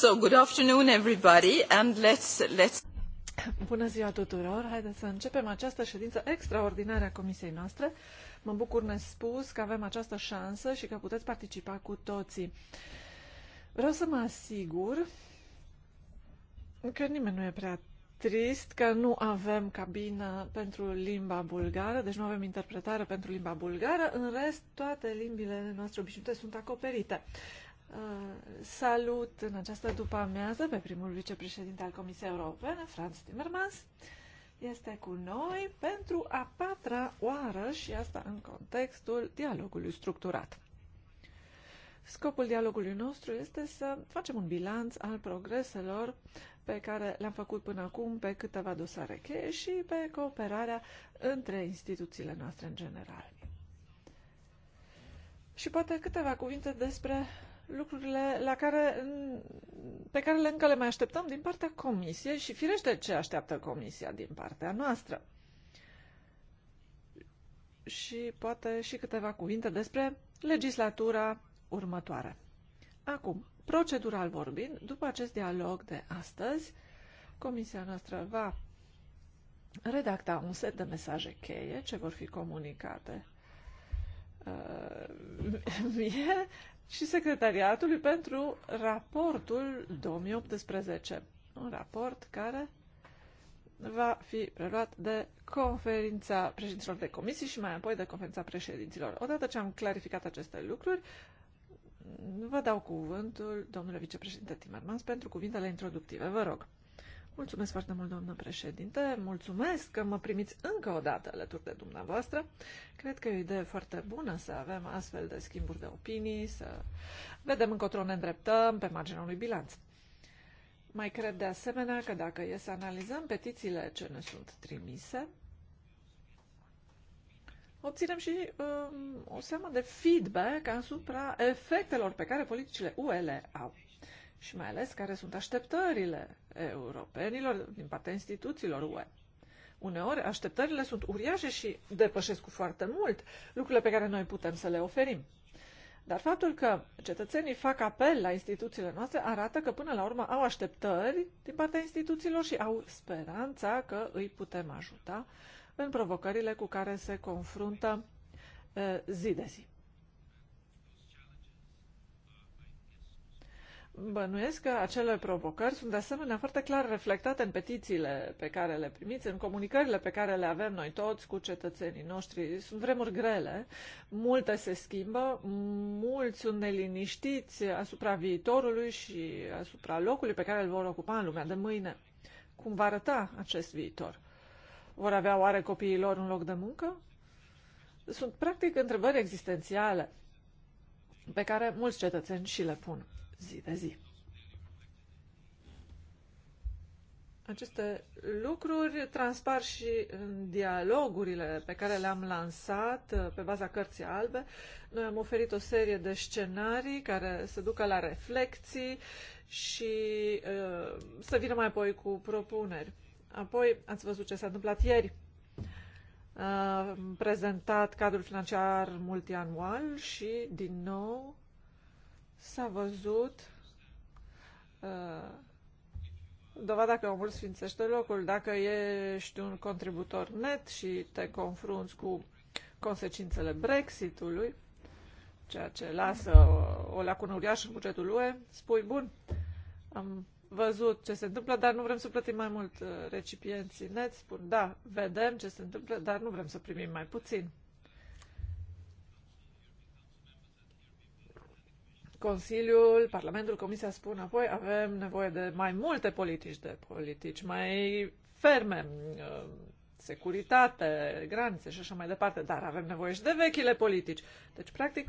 good afternoon everybody and let's, let's... Bună ziua tuturor! Haideți să începem această ședință extraordinară a comisiei noastre. Mă bucur nespus că avem această șansă și că puteți participa cu toții. Vreau să mă asigur că nimeni nu e prea trist că nu avem cabină pentru limba bulgară, deci nu avem interpretare pentru limba bulgară. În rest, toate limbile noastre obișnuite sunt acoperite. Uh, salut în această după-amiază pe primul vicepreședinte al Comisiei Europene, Franz Timmermans. Este cu noi pentru a patra oară și asta în contextul dialogului structurat. Scopul dialogului nostru este să facem un bilanț al progreselor pe care le-am făcut până acum pe câteva dosare cheie și pe cooperarea între instituțiile noastre în general. Și poate câteva cuvinte despre lucrurile la care, pe care le încă le mai așteptăm din partea Comisiei și firește ce așteaptă Comisia din partea noastră. Și poate și câteva cuvinte despre legislatura următoare. Acum, procedural vorbind, după acest dialog de astăzi, Comisia noastră va redacta un set de mesaje cheie ce vor fi comunicate uh, mie și secretariatului pentru raportul 2018. Un raport care va fi preluat de conferința președinților de comisii și mai apoi de conferința președinților. Odată ce am clarificat aceste lucruri, vă dau cuvântul domnule vicepreședinte Timmermans pentru cuvintele introductive. Vă rog. Mulțumesc foarte mult, doamnă președinte. Mulțumesc că mă primiți încă o dată alături de dumneavoastră. Cred că e o idee foarte bună să avem astfel de schimburi de opinii, să vedem încotro ne îndreptăm pe marginea unui bilanț. Mai cred de asemenea că dacă e să analizăm petițiile ce ne sunt trimise, obținem și um, o seamă de feedback asupra efectelor pe care politicile UE le au și mai ales care sunt așteptările europenilor din partea instituțiilor UE. Uneori, așteptările sunt uriașe și depășesc cu foarte mult lucrurile pe care noi putem să le oferim. Dar faptul că cetățenii fac apel la instituțiile noastre arată că până la urmă au așteptări din partea instituțiilor și au speranța că îi putem ajuta în provocările cu care se confruntă eh, zi de zi. Bănuiesc că acele provocări sunt de asemenea foarte clar reflectate în petițiile pe care le primiți, în comunicările pe care le avem noi toți cu cetățenii noștri. Sunt vremuri grele, multe se schimbă, mulți sunt neliniștiți asupra viitorului și asupra locului pe care îl vor ocupa în lumea de mâine. Cum va arăta acest viitor? Vor avea oare copiii lor un loc de muncă? Sunt practic întrebări existențiale pe care mulți cetățeni și le pun zi de zi. Aceste lucruri transpar și în dialogurile pe care le-am lansat uh, pe baza cărții albe. Noi am oferit o serie de scenarii care să ducă la reflexii și uh, să vină mai apoi cu propuneri. Apoi ați văzut ce s-a întâmplat ieri. Am uh, prezentat cadrul financiar multianual și, din nou, S-a văzut uh, dovada că omul sfințește locul. Dacă ești un contributor net și te confrunți cu consecințele Brexitului, ceea ce lasă o, o lacună uriașă în bugetul UE, spui, bun, am văzut ce se întâmplă, dar nu vrem să plătim mai mult uh, recipienții net, spun, da, vedem ce se întâmplă, dar nu vrem să primim mai puțin. Consiliul, Parlamentul, Comisia spun apoi avem nevoie de mai multe politici, de politici mai ferme, uh, securitate, granițe și așa mai departe, dar avem nevoie și de vechile politici. Deci, practic,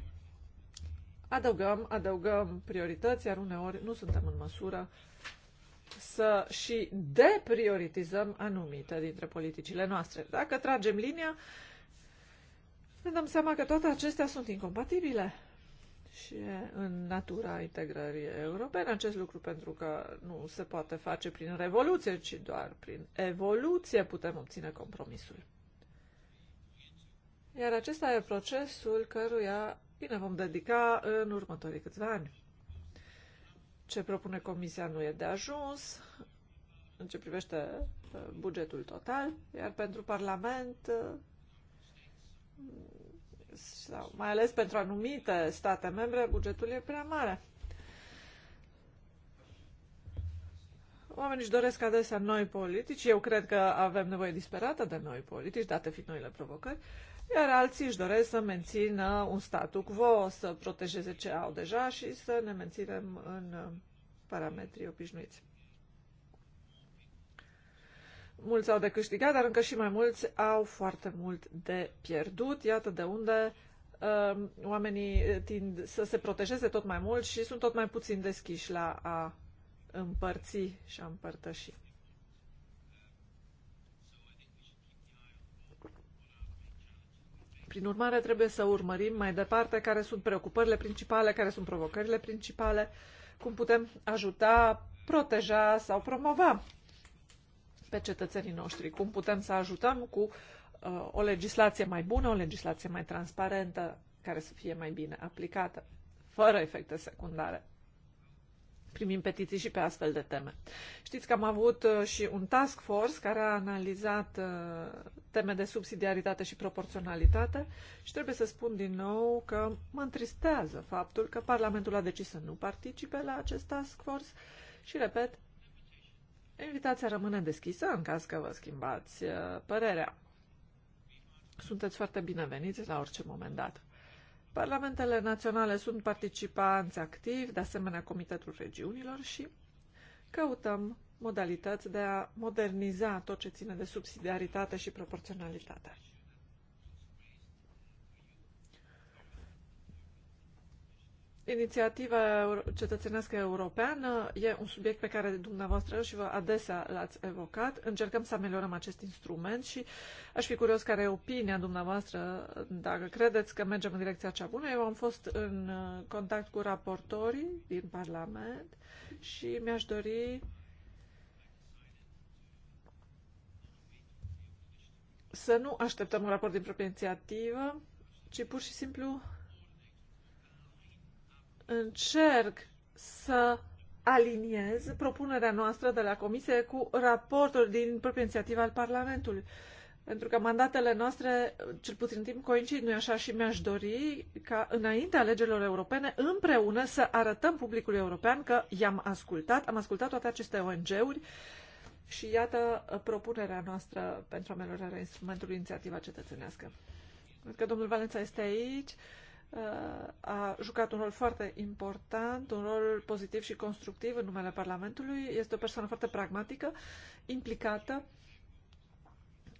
adăugăm, adăugăm priorități, iar uneori nu suntem în măsură să și deprioritizăm anumite dintre politicile noastre. Dacă tragem linia, ne dăm seama că toate acestea sunt incompatibile și în natura integrării europene. Acest lucru pentru că nu se poate face prin revoluție, ci doar prin evoluție putem obține compromisul. Iar acesta e procesul căruia îi ne vom dedica în următorii câțiva ani. Ce propune Comisia nu e de ajuns în ce privește uh, bugetul total, iar pentru Parlament uh, sau mai ales pentru anumite state membre, bugetul e prea mare. Oamenii își doresc adesea noi politici, eu cred că avem nevoie disperată de noi politici, date fiind noile provocări, iar alții își doresc să mențină un statu quo, să protejeze ce au deja și să ne menținem în uh, parametrii obișnuiți. Mulți au de câștigat, dar încă și mai mulți au foarte mult de pierdut. Iată de unde uh, oamenii tind să se protejeze tot mai mult și sunt tot mai puțin deschiși la a împărți și a împărtăși. Prin urmare, trebuie să urmărim mai departe care sunt preocupările principale, care sunt provocările principale, cum putem ajuta, proteja sau promova pe cetățenii noștri, cum putem să ajutăm cu uh, o legislație mai bună, o legislație mai transparentă, care să fie mai bine aplicată, fără efecte secundare. Primim petiții și pe astfel de teme. Știți că am avut uh, și un task force care a analizat uh, teme de subsidiaritate și proporționalitate și trebuie să spun din nou că mă întristează faptul că Parlamentul a decis să nu participe la acest task force și, repet, invitația rămâne deschisă în caz că vă schimbați uh, părerea. Sunteți foarte bineveniți la orice moment dat. Parlamentele naționale sunt participanți activi, de asemenea Comitetul Regiunilor și căutăm modalități de a moderniza tot ce ține de subsidiaritate și proporționalitate. Inițiativa cetățenească europeană e un subiect pe care dumneavoastră și vă adesea l-ați evocat. Încercăm să ameliorăm acest instrument și aș fi curios care e opinia dumneavoastră, dacă credeți că mergem în direcția cea bună. Eu am fost în uh, contact cu raportorii din Parlament și mi-aș dori să nu așteptăm un raport din proprie inițiativă, ci pur și simplu încerc să aliniez propunerea noastră de la Comisie cu raportul din propria inițiativă al Parlamentului. Pentru că mandatele noastre, cel puțin timp, coincid, nu așa? Și mi-aș dori ca, înainte alegerilor europene, împreună să arătăm publicului european că i-am ascultat, am ascultat toate aceste ONG-uri și iată propunerea noastră pentru ameliorarea instrumentului inițiativa cetățenească. Văd că domnul Valența este aici a jucat un rol foarte important, un rol pozitiv și constructiv în numele Parlamentului. Este o persoană foarte pragmatică, implicată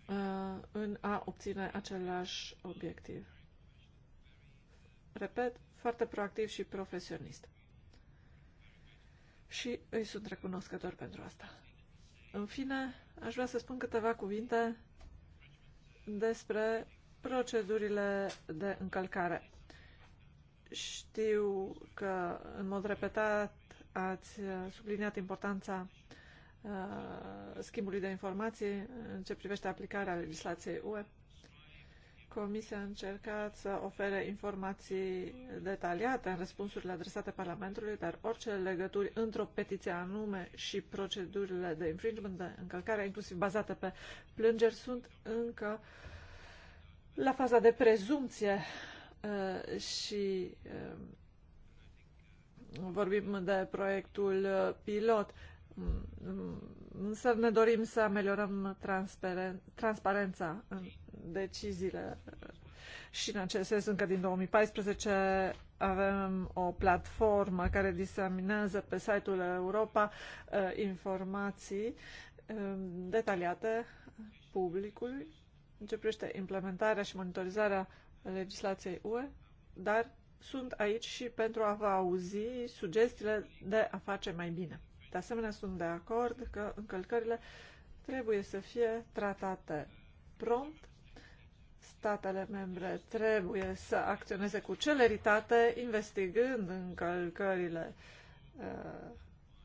uh, în a obține același obiectiv. Repet, foarte proactiv și profesionist. Și îi sunt recunoscător pentru asta. În fine, aș vrea să spun câteva cuvinte despre procedurile de încălcare știu că în mod repetat ați subliniat importanța uh, schimbului de informații în ce privește aplicarea legislației UE. Comisia a încercat să ofere informații detaliate în răspunsurile adresate Parlamentului, dar orice legături într-o petiție anume și procedurile de infringement, de încălcare, inclusiv bazate pe plângeri, sunt încă la faza de prezumție Uh, și um, vorbim de proiectul uh, pilot, mm, mm, însă ne dorim să ameliorăm transparența în deciziile și în acest sens încă din 2014 avem o platformă care diseminează pe site-ul Europa uh, informații um, detaliate publicului în ce privește implementarea și monitorizarea legislației UE, dar sunt aici și pentru a vă auzi sugestiile de a face mai bine. De asemenea, sunt de acord că încălcările trebuie să fie tratate prompt, statele membre trebuie să acționeze cu celeritate, investigând încălcările uh,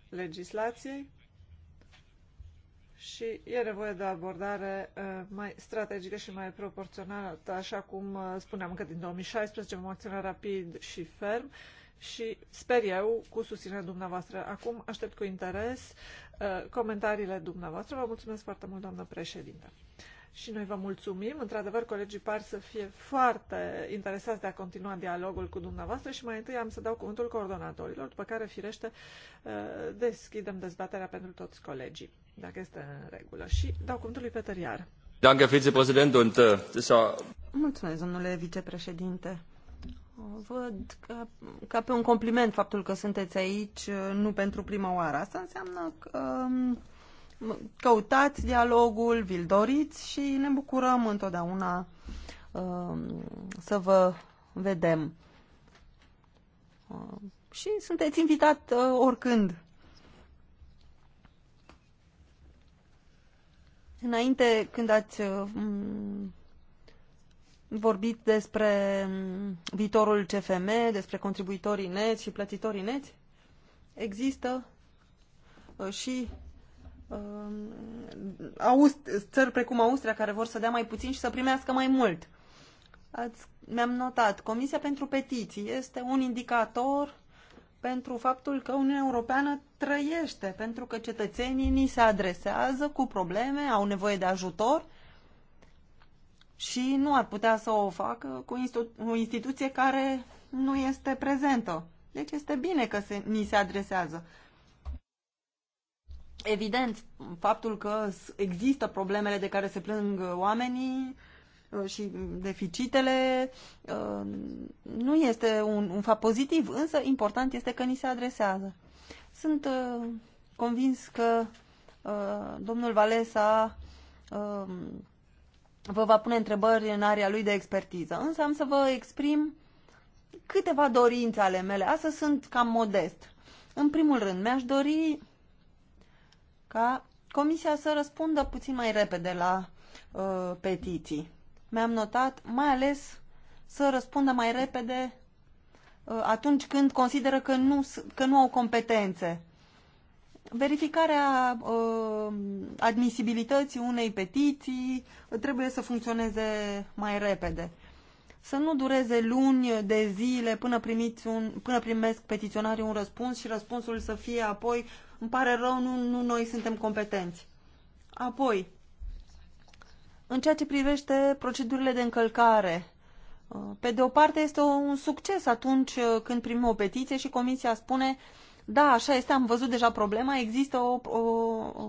legislației și e nevoie de o abordare uh, mai strategică și mai proporțională, așa cum uh, spuneam că din 2016 vom acționa rapid și ferm și sper eu cu susținerea dumneavoastră. Acum aștept cu interes uh, comentariile dumneavoastră. Vă mulțumesc foarte mult, doamnă președinte. Și noi vă mulțumim. Într-adevăr, colegii par să fie foarte interesați de a continua dialogul cu dumneavoastră și mai întâi am să dau cuvântul coordonatorilor, după care, firește, deschidem dezbaterea pentru toți colegii dacă este în regulă. Și dau cuvântul lui Peter Iar. Uh, Mulțumesc, domnule vicepreședinte. Văd ca, ca pe un compliment faptul că sunteți aici uh, nu pentru prima oară. Asta înseamnă că um, căutați dialogul, vi-l doriți și ne bucurăm întotdeauna um, să vă vedem. Uh, și sunteți invitat oricând Înainte, când ați mm, vorbit despre mm, viitorul CFM, despre contribuitorii neți și plătitorii neți, există uh, și uh, Aust, țări precum Austria care vor să dea mai puțin și să primească mai mult. Ați, mi-am notat, Comisia pentru Petiții este un indicator pentru faptul că Uniunea Europeană trăiește, pentru că cetățenii ni se adresează cu probleme, au nevoie de ajutor și nu ar putea să o facă cu o instituție care nu este prezentă. Deci este bine că se, ni se adresează. Evident, faptul că există problemele de care se plâng oamenii uh, și deficitele uh, nu este un, un fapt pozitiv, însă important este că ni se adresează. Sunt uh, convins că uh, domnul Valesa uh, vă va pune întrebări în area lui de expertiză, însă am să vă exprim câteva dorințe ale mele. Astăzi sunt cam modest. În primul rând, mi-aș dori ca Comisia să răspundă puțin mai repede la uh, petiții. Mi-am notat, mai ales să răspundă mai repede Uh, atunci când consideră că nu, că nu au competențe. Verificarea uh, admisibilității unei petiții trebuie să funcționeze mai repede. Să nu dureze luni de zile până, primiți un, până primesc petiționarii un răspuns și răspunsul să fie apoi îmi pare rău, nu, nu noi suntem competenți. Apoi, în ceea ce privește procedurile de încălcare, Uh, pe de o parte este un succes atunci uh, când primim o petiție și comisia spune da, așa este, am văzut deja problema, există o, o, o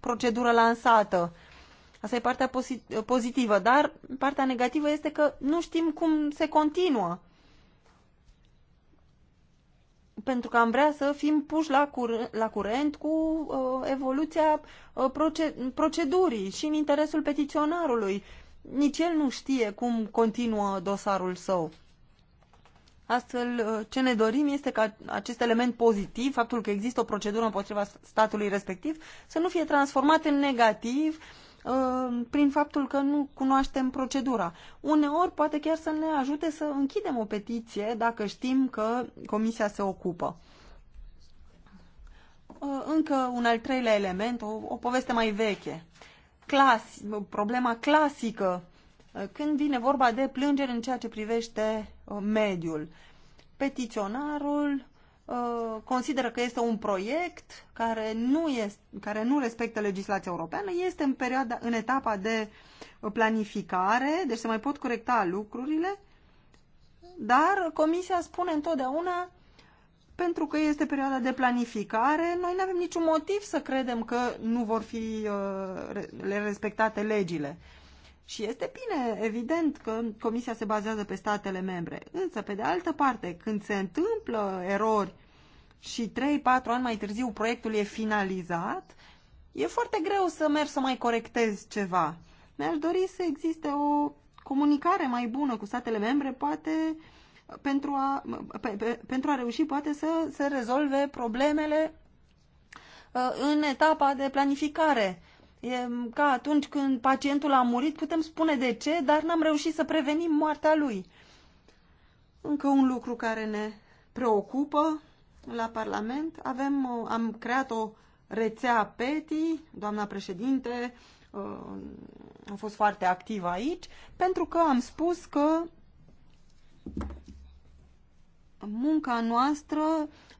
procedură lansată. Asta e partea uh, pozitivă, dar partea negativă este că nu știm cum se continuă. Pentru că am vrea să fim puși la, cur- la curent cu uh, evoluția uh, proce- procedurii și în interesul petiționarului nici el nu știe cum continuă dosarul său. Astfel, uh, ce ne dorim este ca acest element pozitiv, faptul că există o procedură împotriva statului respectiv, să nu fie transformat în negativ uh, prin faptul că nu cunoaștem procedura. Uneori poate chiar să ne ajute să închidem o petiție dacă știm că comisia se ocupă. Uh, încă un al treilea element, o, o poveste mai veche clas, problema clasică uh, când vine vorba de plângeri în ceea ce privește uh, mediul. Petiționarul uh, consideră că este un proiect care nu, este, care nu respectă legislația europeană, este în, perioada, în etapa de planificare, deci se mai pot corecta lucrurile, dar Comisia spune întotdeauna pentru că este perioada de planificare, noi nu avem niciun motiv să credem că nu vor fi uh, le respectate legile. Și este bine, evident, că Comisia se bazează pe statele membre. Însă, pe de altă parte, când se întâmplă erori și 3-4 ani mai târziu proiectul e finalizat, e foarte greu să mergi să mai corectezi ceva. Mi-aș dori să existe o comunicare mai bună cu statele membre, poate uh, pentru a, pe, pe, pentru a reuși poate să se rezolve problemele uh, în etapa de planificare. E ca atunci când pacientul a murit, putem spune de ce, dar n-am reușit să prevenim moartea lui. Încă un lucru care ne preocupă la Parlament. Avem, uh, am creat o rețea PETI, doamna președinte uh, a fost foarte activă aici, pentru că am spus că munca noastră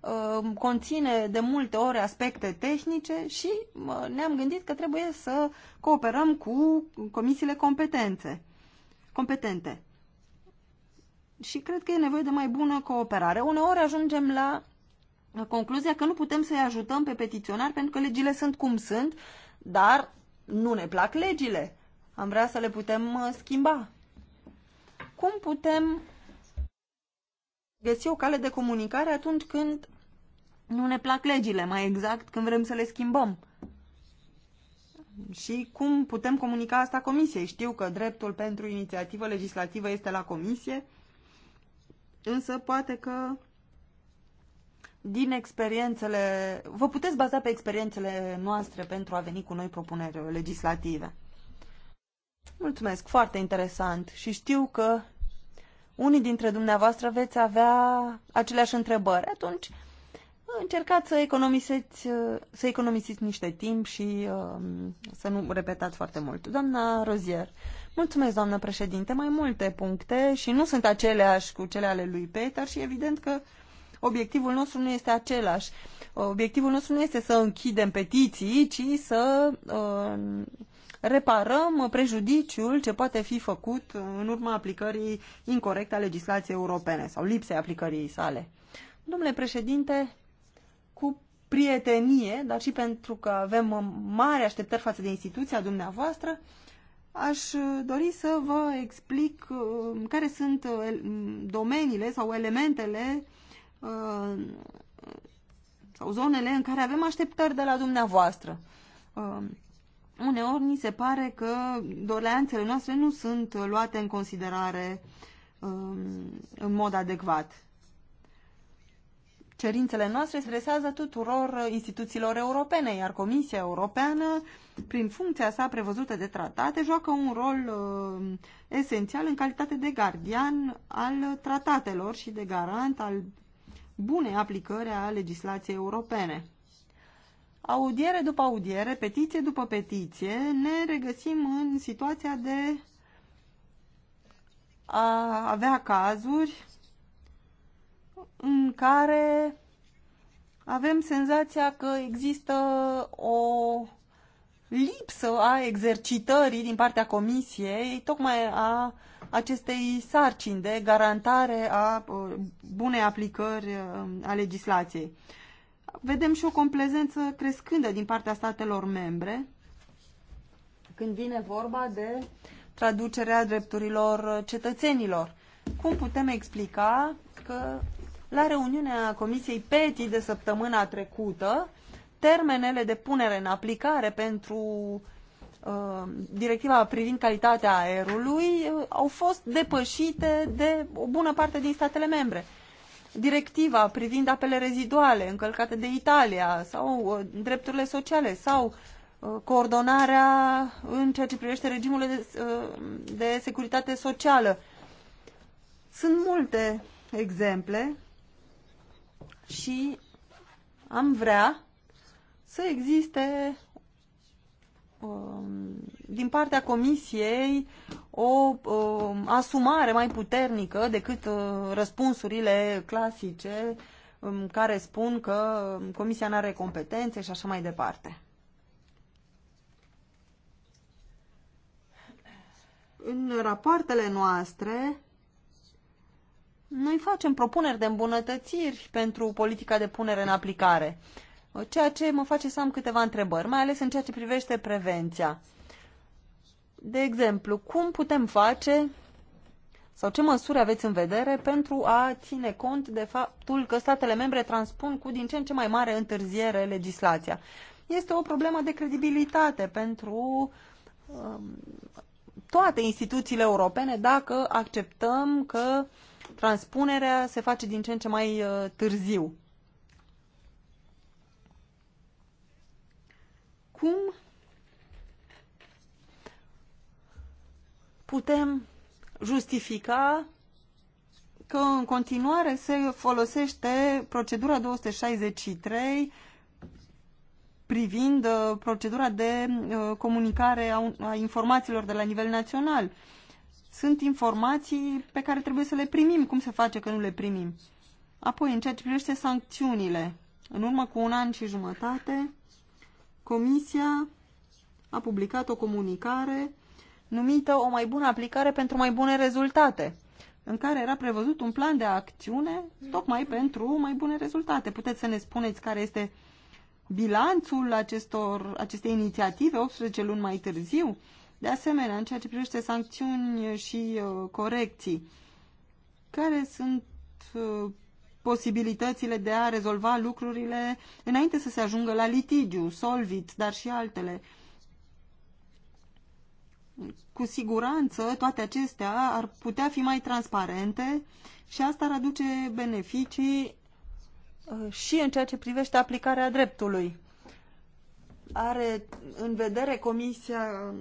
uh, conține de multe ori aspecte tehnice și uh, ne-am gândit că trebuie să cooperăm cu comisiile competențe, competente. Și cred că e nevoie de mai bună cooperare. Uneori ajungem la concluzia că nu putem să-i ajutăm pe petiționari pentru că legile sunt cum sunt, dar nu ne plac legile. Am vrea să le putem uh, schimba. Cum putem găsi o cale de comunicare atunci când nu ne plac legile, mai exact când vrem să le schimbăm. Și cum putem comunica asta comisiei? Știu că dreptul pentru inițiativă legislativă este la comisie, însă poate că din experiențele... Vă puteți baza pe experiențele noastre pentru a veni cu noi propuneri legislative. Mulțumesc, foarte interesant și știu că unii dintre dumneavoastră veți avea aceleași întrebări. Atunci, încercați să economisiți, să economisiți niște timp și um, să nu repetați foarte mult. Doamna Rozier, mulțumesc, doamnă președinte, mai multe puncte și nu sunt aceleași cu cele ale lui Peter și evident că obiectivul nostru nu este același. Obiectivul nostru nu este să închidem petiții, ci să uh, reparăm prejudiciul ce poate fi făcut în urma aplicării incorrecte a legislației europene sau lipsei aplicării sale. Domnule președinte, cu prietenie, dar și pentru că avem mari așteptări față de instituția dumneavoastră, aș dori să vă explic uh, care sunt uh, domeniile sau elementele uh, sau zonele în care avem așteptări de la dumneavoastră uneori ni se pare că doleanțele noastre nu sunt luate în considerare um, în mod adecvat. Cerințele noastre stresează tuturor instituțiilor europene, iar Comisia Europeană, prin funcția sa prevăzută de tratate, joacă un rol uh, esențial în calitate de gardian al tratatelor și de garant al bunei aplicări a legislației europene audiere după audiere, petiție după petiție, ne regăsim în situația de a avea cazuri în care avem senzația că există o lipsă a exercitării din partea comisiei, tocmai a acestei sarcini de garantare a uh, bunei aplicări uh, a legislației vedem și o complezență crescândă din partea statelor membre când vine vorba de traducerea drepturilor cetățenilor. Cum putem explica că la reuniunea Comisiei PETI de săptămâna trecută, termenele de punere în aplicare pentru uh, directiva privind calitatea aerului uh, au fost depășite de o bună parte din statele membre directiva privind apele reziduale încălcate de Italia sau uh, drepturile sociale sau uh, coordonarea în ceea ce privește regimul de, uh, de securitate socială. Sunt multe exemple și am vrea să existe Um, din partea Comisiei o um, asumare mai puternică decât uh, răspunsurile clasice um, care spun că Comisia nu are competențe și așa mai departe. În rapoartele noastre, noi facem propuneri de îmbunătățiri pentru politica de punere în aplicare. Uh, Ceea ce mă face să am câteva întrebări, mai ales în ceea ce privește prevenția. De exemplu, cum putem face sau ce măsuri aveți în vedere pentru a ține cont de faptul că statele membre transpun cu din ce în ce mai mare întârziere legislația? Este o problemă de credibilitate pentru um, toate instituțiile europene dacă acceptăm că transpunerea se face din ce în ce mai uh, târziu. cum putem justifica că în continuare se folosește procedura 263 privind uh, procedura de uh, comunicare a informațiilor de la nivel național. Sunt informații pe care trebuie să le primim. Cum se face că nu le primim? Apoi, în ceea ce privește sancțiunile, în urmă cu un an și jumătate, Comisia a publicat o comunicare numită O mai bună aplicare pentru mai bune rezultate, în care era prevăzut un plan de acțiune tocmai pentru mai bune rezultate. Puteți să ne spuneți care este bilanțul acestor, acestei inițiative 18 luni mai târziu? De asemenea, în ceea ce privește sancțiuni și uh, corecții, care sunt uh, posibilitățile de a rezolva lucrurile înainte să se ajungă la litigiu, solvit, dar și altele. Cu siguranță, toate acestea ar putea fi mai transparente și asta ar aduce beneficii uh, și în ceea ce privește aplicarea dreptului. Are în vedere Comisia um,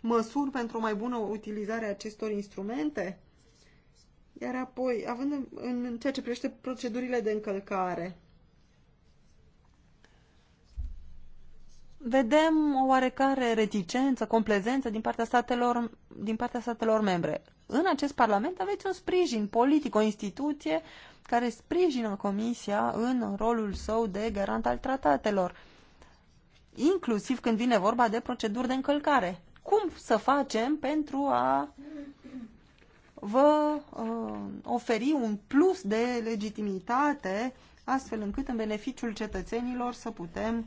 măsuri pentru o mai bună utilizare a acestor instrumente? Iar apoi, având în, în ceea ce privește procedurile de încălcare, vedem o oarecare reticență, complezență din partea statelor, din partea statelor membre. În acest Parlament aveți un sprijin politic, o instituție care sprijină Comisia în rolul său de garant al tratatelor, inclusiv când vine vorba de proceduri de încălcare. Cum să facem pentru a vă uh, oferi un plus de legitimitate astfel încât în beneficiul cetățenilor să putem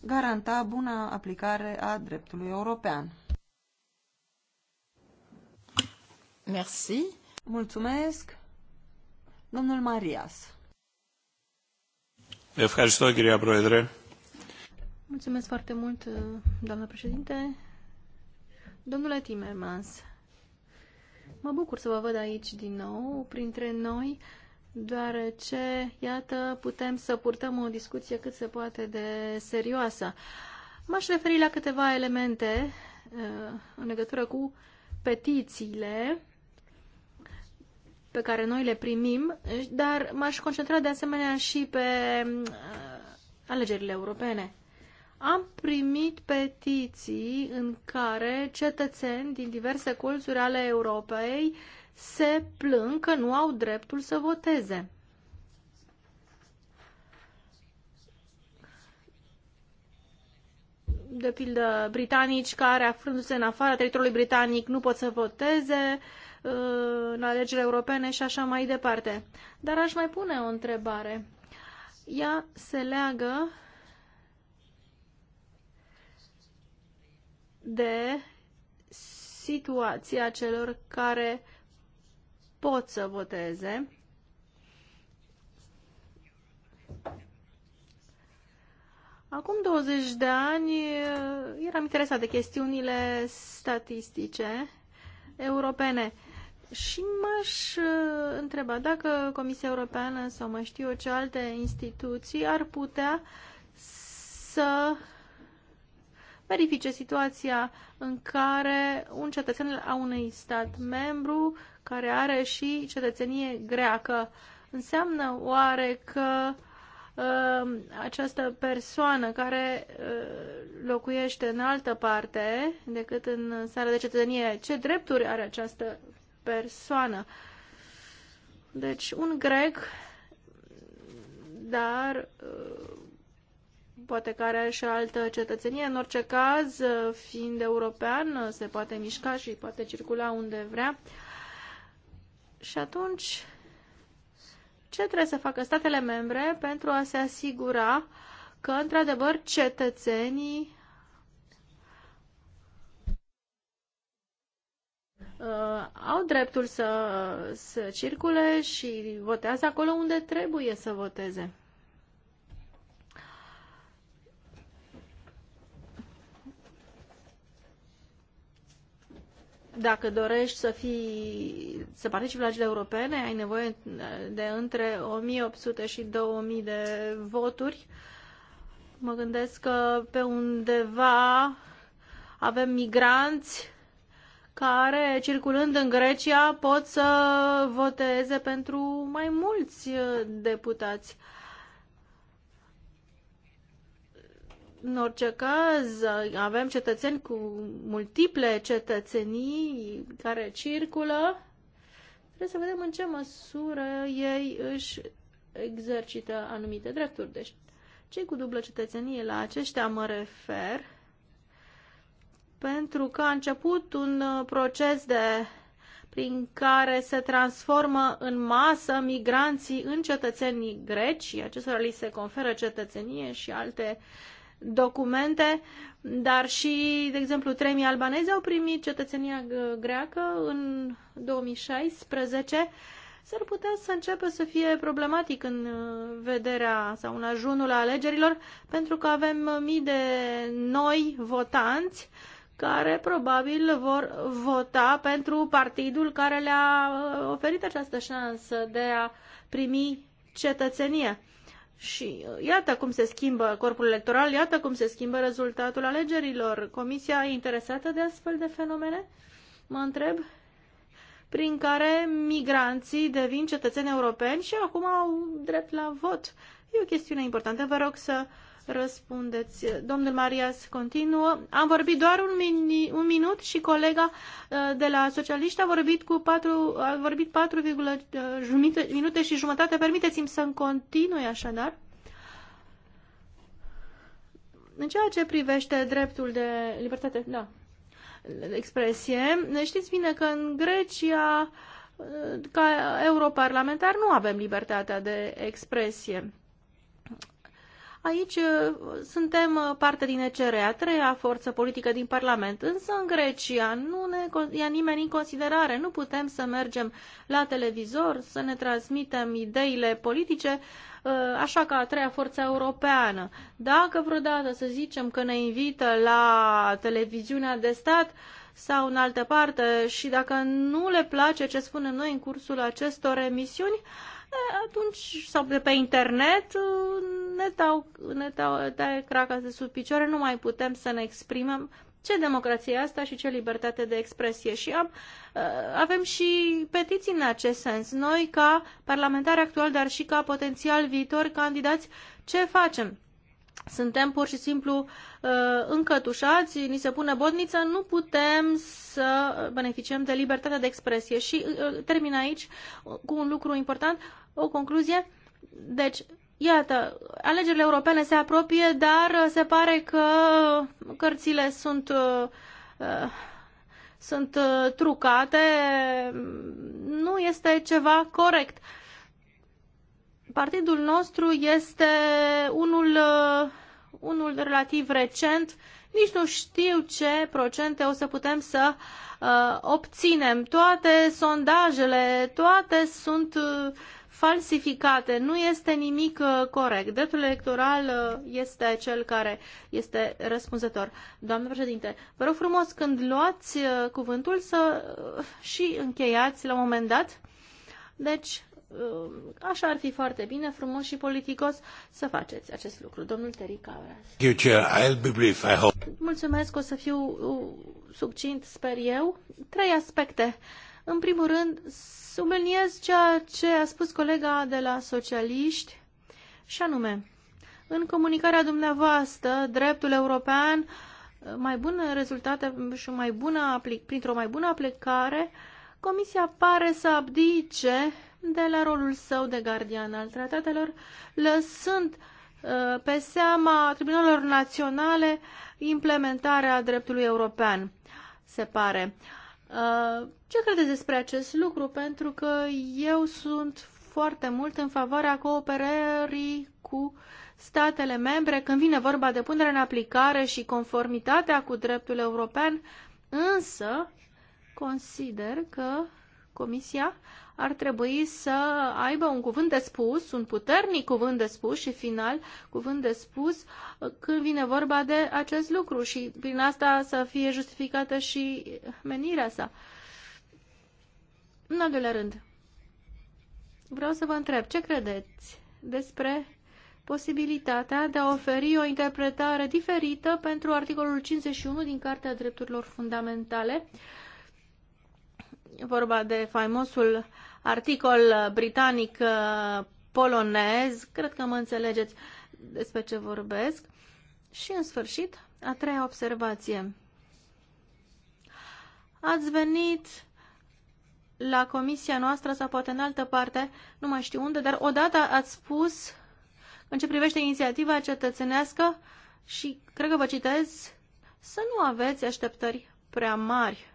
garanta buna aplicare a dreptului european. Merci. Mulțumesc. Domnul Marias. Mulțumesc foarte mult, doamnă președinte. Domnule Timmermans, Mă bucur să vă văd aici din nou, printre noi, deoarece, iată, putem să purtăm o discuție cât se poate de serioasă. M-aș referi la câteva elemente uh, în legătură cu petițiile pe care noi le primim, dar m-aș concentra de asemenea și pe uh, alegerile europene am primit petiții în care cetățeni din diverse colțuri ale Europei se plâng că nu au dreptul să voteze. De pildă, britanici care, aflându-se în afara teritoriului britanic, nu pot să voteze uh, în alegerile europene și așa mai departe. Dar aș mai pune o întrebare. Ea se leagă de situația celor care pot să voteze. Acum 20 de ani eh, eram interesat de chestiunile statistice europene și m-aș eh, întreba dacă Comisia Europeană sau mai știu eu ce alte instituții ar putea să verifice situația în care un cetățean a unui stat membru care are și cetățenie greacă. Înseamnă oare că uh, această persoană care uh, locuiește în altă parte decât în țara de cetățenie, ce drepturi are această persoană? Deci un grec, dar uh, poate că are și altă cetățenie. În orice caz, fiind european, se poate mișca și poate circula unde vrea. Și atunci, ce trebuie să facă statele membre pentru a se asigura că, într-adevăr, cetățenii uh, au dreptul să, să circule și votează acolo unde trebuie să voteze. dacă dorești să, fii, să participi la cele europene, ai nevoie uh, de între 1800 și 2000 de voturi. Mă gândesc că pe undeva avem migranți care, circulând în Grecia, pot să voteze pentru mai mulți uh, deputați. În orice caz, avem cetățeni cu multiple cetățenii care circulă. Trebuie să vedem în ce măsură ei își exercită anumite drepturi. Deci, cei cu dublă cetățenie, la aceștia mă refer, pentru că a început un uh, proces de prin care se transformă în masă migranții în cetățenii greci, acestora li se conferă cetățenie și alte uh, documente, dar și, de exemplu, 3.000 albanezi au primit cetățenia greacă în 2016, s-ar putea să înceapă să fie problematic în uh, vederea sau în ajunul alegerilor, pentru că avem mii de noi votanți care probabil vor vota pentru partidul care le-a uh, oferit această șansă de a primi cetățenie. Și uh, iată cum se schimbă corpul electoral, iată cum se schimbă rezultatul alegerilor. Comisia e interesată de astfel de fenomene? Mă întreb prin care migranții devin cetățeni europeni și acum au drept la vot. E o chestiune importantă. Vă rog să uh, răspundeți. Domnul Marias continuă. Am vorbit doar un, mini, un minut și colega uh, de la socialiști a vorbit cu 4, a vorbit 4 uh, minute și jumătate. Permiteți-mi să-mi continui așadar. În ceea ce privește dreptul de libertate, da, expresie, știți bine că în Grecia uh, ca europarlamentar nu avem libertatea de expresie Aici uh, suntem uh, parte din ECR, a treia forță politică din Parlament, însă în Grecia nu ne ia nimeni în considerare. Nu putem să mergem la televizor, să ne transmitem ideile politice, uh, așa ca a treia forță europeană. Dacă vreodată să zicem că ne invită la televiziunea de stat sau în altă parte și dacă nu le place ce spunem noi în cursul acestor emisiuni, atunci, sau de pe internet, ne dau, ne dau dai craca de sub picioare, nu mai putem să ne exprimăm ce democrație asta și ce libertate de expresie. Și am, avem și petiții în acest sens. Noi, ca parlamentari actual, dar și ca potențial viitori candidați, ce facem? Suntem pur și simplu uh, încătușați, ni se pune bodniță, nu putem să beneficiem de libertatea de expresie. Și uh, termin aici cu un lucru important o concluzie. Deci, iată, alegerile europene se apropie, dar uh, se pare că cărțile sunt, uh, uh, sunt trucate. Nu este ceva corect. Partidul nostru este unul, unul relativ recent. Nici nu știu ce procente o să putem să uh, obținem. Toate sondajele, toate sunt uh, falsificate. Nu este nimic uh, corect. Dreptul electoral uh, este cel care este răspunzător. Doamnă președinte, vă rog frumos când luați uh, cuvântul să și încheiați la un moment dat. Deci, așa ar fi foarte bine, frumos și politicos să faceți acest lucru. Domnul Teric Mulțumesc, o să fiu succint, sper eu. Trei aspecte în primul rând, subliniez ceea ce a spus colega de la socialiști, și anume, în comunicarea dumneavoastră, dreptul european, mai bune rezultate și mai bună, printr-o mai bună aplicare, Comisia pare să abdice de la rolul său de gardian al tratatelor, lăsând uh, pe seama tribunalelor naționale implementarea dreptului european, se pare. Uh, ce credeți despre acest lucru? Pentru că eu sunt foarte mult în favoarea cooperării cu statele membre când vine vorba de punere în aplicare și conformitatea cu dreptul european, însă consider că Comisia ar trebui să aibă un cuvânt de spus, un puternic cuvânt de spus și final cuvânt de spus uh, când vine vorba de acest lucru și prin asta să fie justificată și menirea sa. În al doilea rând, vreau să vă întreb ce credeți despre posibilitatea de a oferi o interpretare diferită pentru articolul 51 din Cartea Drepturilor Fundamentale, vorba de faimosul articol britanic uh, polonez, cred că mă înțelegeți despre ce vorbesc. Și în sfârșit, a treia observație. Ați venit la comisia noastră sau poate în altă parte, nu mai știu unde, dar odată ați spus în ce privește inițiativa cetățenească și cred că vă citez să nu aveți așteptări prea mari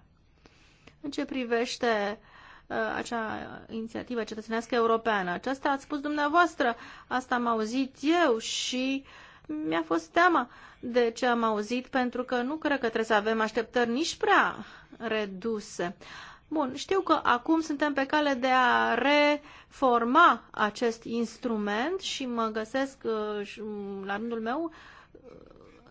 în ce privește uh, Uh, acea inițiativă cetățenească europeană. Aceasta ați spus dumneavoastră, asta am auzit eu și mi-a fost teama de ce am auzit, pentru că nu cred că trebuie să avem așteptări nici prea reduse. Bun, știu că acum suntem pe cale de a reforma acest instrument și mă găsesc uh, mm, la rândul meu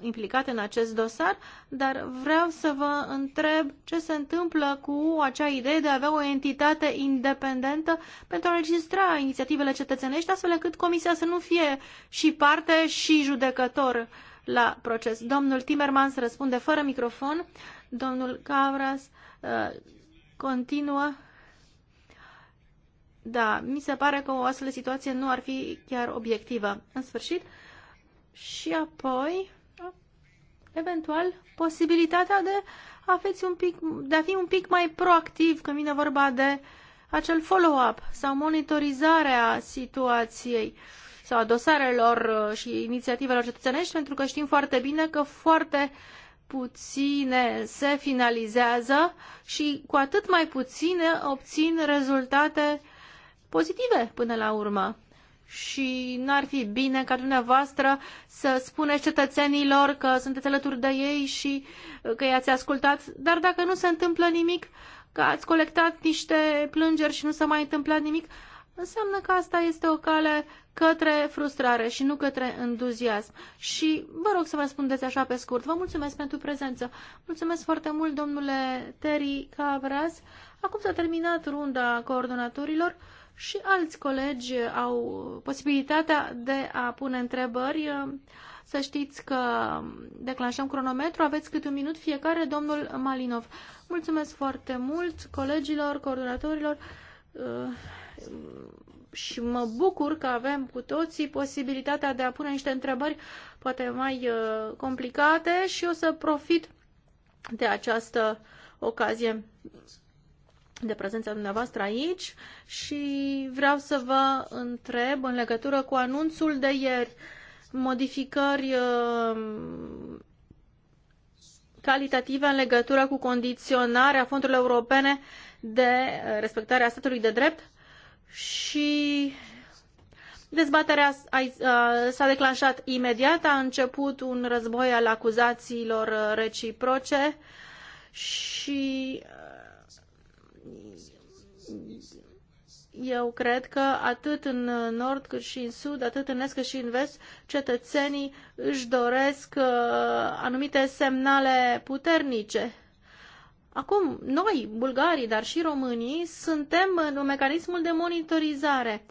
implicate în acest dosar, dar vreau să vă întreb ce se întâmplă cu acea idee de a avea o entitate independentă pentru a registra inițiativele cetățenești, astfel încât comisia să nu fie și parte și judecător la proces. Domnul Timmermans răspunde fără microfon, domnul Cavras uh, continuă. Da, mi se pare că o astfel de situație nu ar fi chiar obiectivă. În sfârșit, și apoi eventual posibilitatea de a, fiți un pic, de a fi un pic mai proactiv când vine vorba de acel follow-up sau monitorizarea situației sau a dosarelor uh, și inițiativelor cetățenești, pentru că știm foarte bine că foarte puține se finalizează și cu atât mai puține obțin rezultate pozitive până la urmă și n-ar fi bine ca dumneavoastră să spuneți cetățenilor că sunteți alături de ei și uh, că i-ați ascultat, dar dacă nu se întâmplă nimic, că ați colectat niște plângeri și nu s-a mai întâmplat nimic, înseamnă că asta este o cale către frustrare și nu către entuziasm. Și vă rog să vă spuneți așa pe scurt. Vă mulțumesc pentru prezență. Mulțumesc foarte mult, domnule Terry Cabras. Acum s-a terminat runda coordonatorilor și alți colegi au posibilitatea de a pune întrebări. Să știți că declanșăm cronometru, aveți câte un minut fiecare, domnul Malinov. Mulțumesc foarte mult colegilor, coordonatorilor uh, și mă bucur că avem cu toții posibilitatea de a pune niște întrebări poate mai uh, complicate și o să profit de această ocazie de prezența dumneavoastră aici și vreau să vă întreb în legătură cu anunțul de ieri modificări uh, calitative în legătură cu condiționarea fondurilor europene de respectarea statului de drept și dezbaterea s-a uh, declanșat imediat, a început un război al acuzațiilor reciproce și eu cred că atât în nord cât și în sud, atât în est cât și în vest, cetățenii își doresc uh, anumite semnale puternice. Acum, noi, bulgarii, dar și românii, suntem în un mecanismul de monitorizare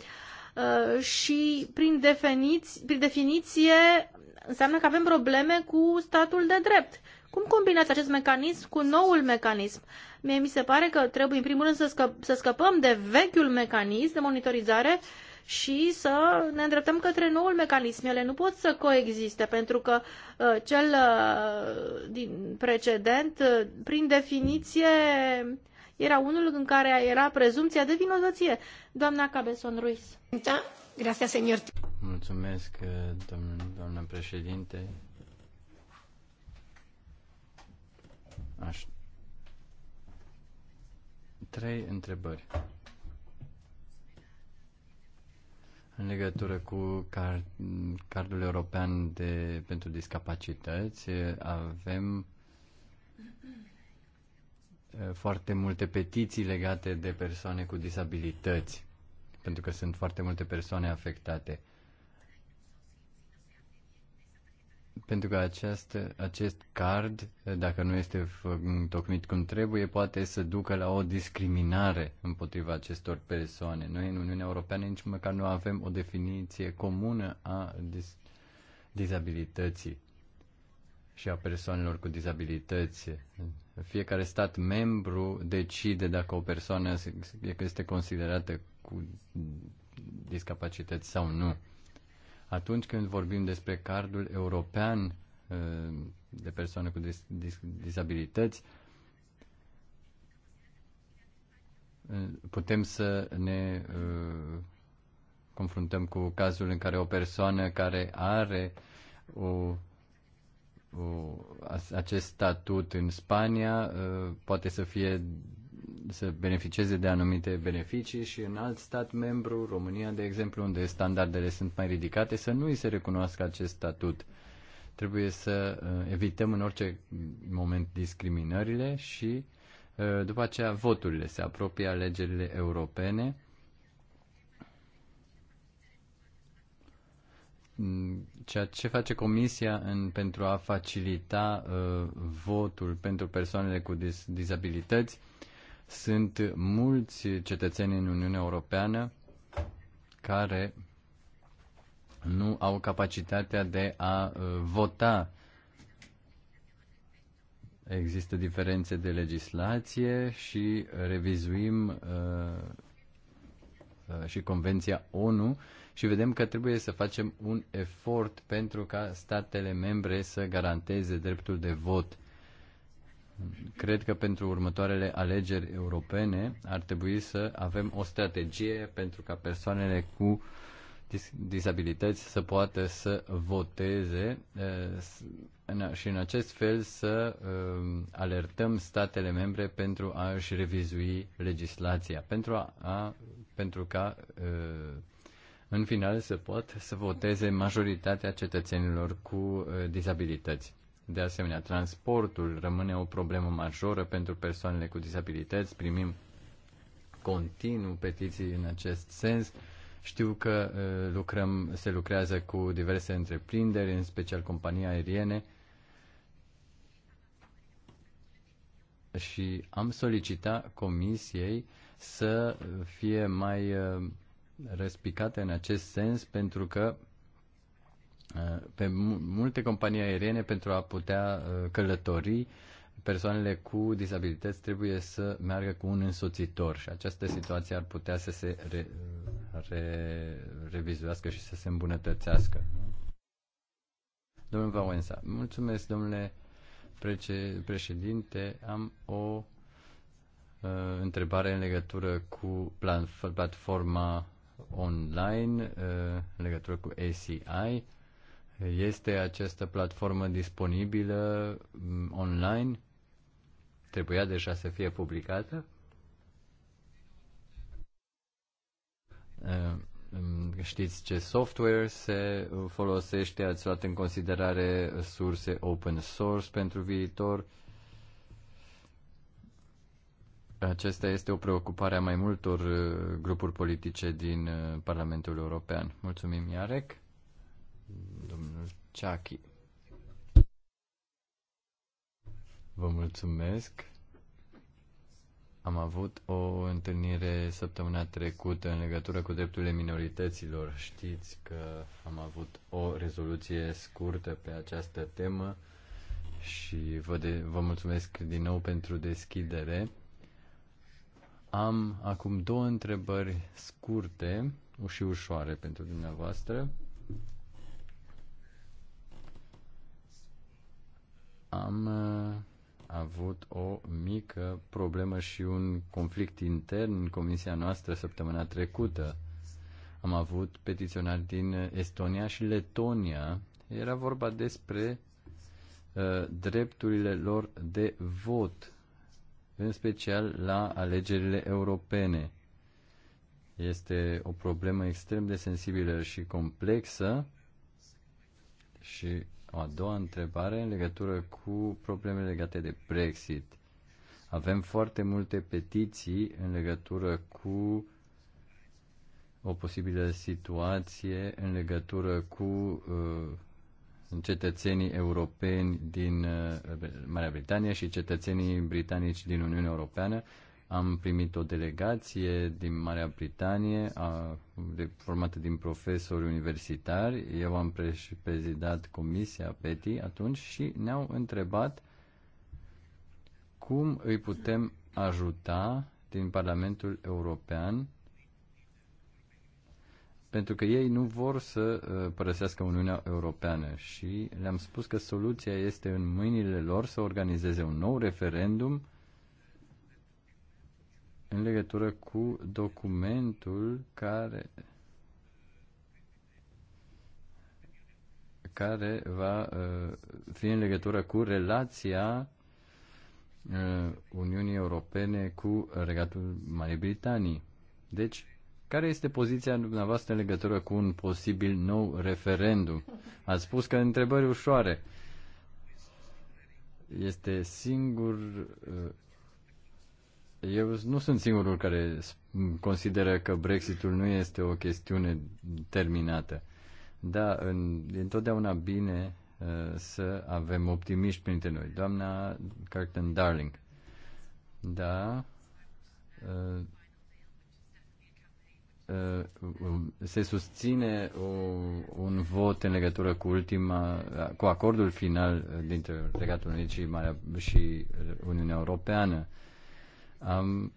uh, și prin, definiți, prin definiție înseamnă că avem probleme cu statul de drept. Cum combinați acest mecanism cu noul mecanism? Mie mi se pare că trebuie în primul rând să, scă- să scăpăm de vechiul mecanism de monitorizare și să ne îndreptăm către noul mecanism. Ele nu pot să coexiste, pentru că uh, cel uh, din precedent, uh, prin definiție, era unul în care era prezumția de vinovăție. Doamna Cabeson Ruiz. Da, gracias, señor. Mulțumesc, uh, doamnă, doamnă președinte. Așa trei întrebări. În legătură cu card, cardul european de, pentru discapacități, avem eh, foarte multe petiții legate de persoane cu disabilități, pentru că sunt foarte multe persoane afectate. pentru că acest, acest card, dacă nu este tocmit cum trebuie, poate să ducă la o discriminare împotriva acestor persoane. Noi în Uniunea Europeană nici măcar nu avem o definiție comună a dis- dizabilității și a persoanelor cu dizabilități. Fiecare stat membru decide dacă o persoană este considerată cu discapacități sau nu atunci când vorbim despre cardul european uh, de persoane cu dis- dis- disabilități, uh, putem să ne uh, confruntăm cu cazul în care o persoană care are o acest statut în Spania poate să fie să beneficieze de anumite beneficii și în alt stat membru, România, de exemplu, unde standardele sunt mai ridicate, să nu îi se recunoască acest statut. Trebuie să uh, evităm în orice moment discriminările și uh, după aceea voturile. Se apropie alegerile europene. Mm, ceea ce face Comisia în, pentru a facilita uh, votul pentru persoanele cu dis- dizabilități sunt mulți cetățeni în Uniunea Europeană care nu au capacitatea de a uh, vota. Există diferențe de legislație și revizuim uh, uh, și Convenția ONU și vedem că trebuie să facem un efort pentru ca statele membre să garanteze dreptul de vot Cred că pentru următoarele alegeri europene ar trebui să avem o strategie pentru ca persoanele cu disabilități să poată să voteze și în acest fel să alertăm statele membre pentru a-și revizui legislația, pentru, a, a, pentru ca în final să pot să voteze majoritatea cetățenilor cu disabilități. De asemenea, transportul rămâne o problemă majoră pentru persoanele cu dizabilități. Primim continuu petiții în acest sens. Știu că uh, lucrăm, se lucrează cu diverse întreprinderi, în special companii aeriene, și am solicitat comisiei să fie mai uh, răspicate în acest sens pentru că Eh, pe multe companii aeriene pentru a putea eh, călători persoanele cu dizabilități trebuie să meargă cu un însoțitor și această situație ar putea să se re, eh, re, revizuiască și să se îmbunătățească. Domnul Vauensa, mulțumesc, domnule președinte. Am o uh, întrebare în legătură cu plan, platforma online, uh, în legătură cu ACI. Este această platformă disponibilă mm, online? Trebuia deja să fie publicată? Uh, mm, știți ce software se folosește? Ați luat în considerare surse open source pentru viitor? Aceasta este o preocupare a mai multor uh, grupuri politice din uh, Parlamentul European. Mulțumim, Iarec. Chaki. Vă mulțumesc. Am avut o întâlnire săptămâna trecută în legătură cu drepturile minorităților. Știți că am avut o rezoluție scurtă pe această temă și vă, de- vă mulțumesc din nou pentru deschidere. Am acum două întrebări scurte și ușoare pentru dumneavoastră. am uh, avut o mică problemă și un conflict intern în comisia noastră săptămâna trecută. Am avut petiționari din Estonia și Letonia. Era vorba despre uh, drepturile lor de vot, în special la alegerile europene. Este o problemă extrem de sensibilă și complexă și o a doua întrebare în legătură cu problemele legate de Brexit. Avem foarte multe petiții în legătură cu o posibilă situație în legătură cu uh, cetățenii europeni din uh, Marea Britanie și cetățenii britanici din Uniunea Europeană am primit o delegație din Marea Britanie, a, de, formată din profesori universitari. Eu am prezidat comisia PETI atunci și ne-au întrebat cum îi putem ajuta din Parlamentul European pentru că ei nu vor să uh, părăsească Uniunea Europeană și le-am spus că soluția este în mâinile lor să organizeze un nou referendum în legătură cu documentul care care va uh, fi în legătură cu relația uh, Uniunii Europene cu regatul Marii Britanii. Deci, care este poziția dumneavoastră în legătură cu un posibil nou referendum? Ați spus că întrebări ușoare. Este singur uh, eu nu sunt singurul care consideră că Brexitul nu este o chestiune terminată. Da, în, întotdeauna bine uh, să avem optimiști printre noi. Doamna Carton Darling. Da. Uh, uh, se susține o, un vot în legătură cu ultima, cu acordul final dintre Regatul Unit și, Marea, și Uniunea Europeană. Am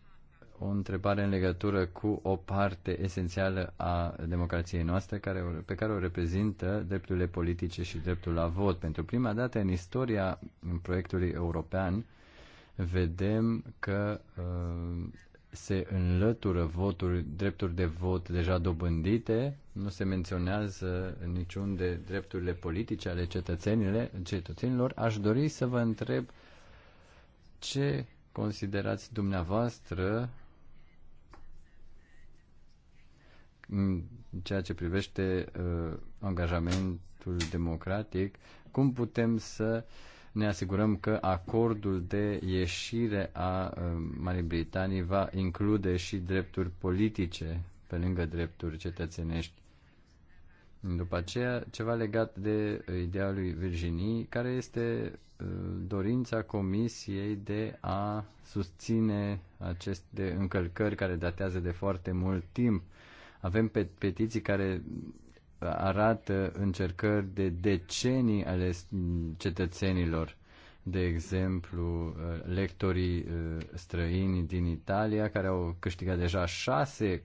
o întrebare în legătură cu o parte esențială a democrației noastre care, pe care o reprezintă drepturile politice și dreptul la vot. Pentru prima dată în istoria proiectului european vedem că uh, se înlătură voturi, drepturi de vot deja dobândite, nu se menționează niciun de drepturile politice ale cetățenilor. Aș dori să vă întreb ce considerați dumneavoastră în ceea ce privește uh, angajamentul democratic, cum putem să ne asigurăm că acordul de ieșire a uh, Marii Britanii va include și drepturi politice pe lângă drepturi cetățenești. După aceea, ceva legat de uh, ideea lui Virginie, care este uh, dorința Comisiei de a susține aceste încălcări care datează de foarte mult timp. Avem pe petiții care arată încercări de decenii ale cetățenilor de exemplu, uh, lectorii uh, străini din Italia care au câștigat deja șase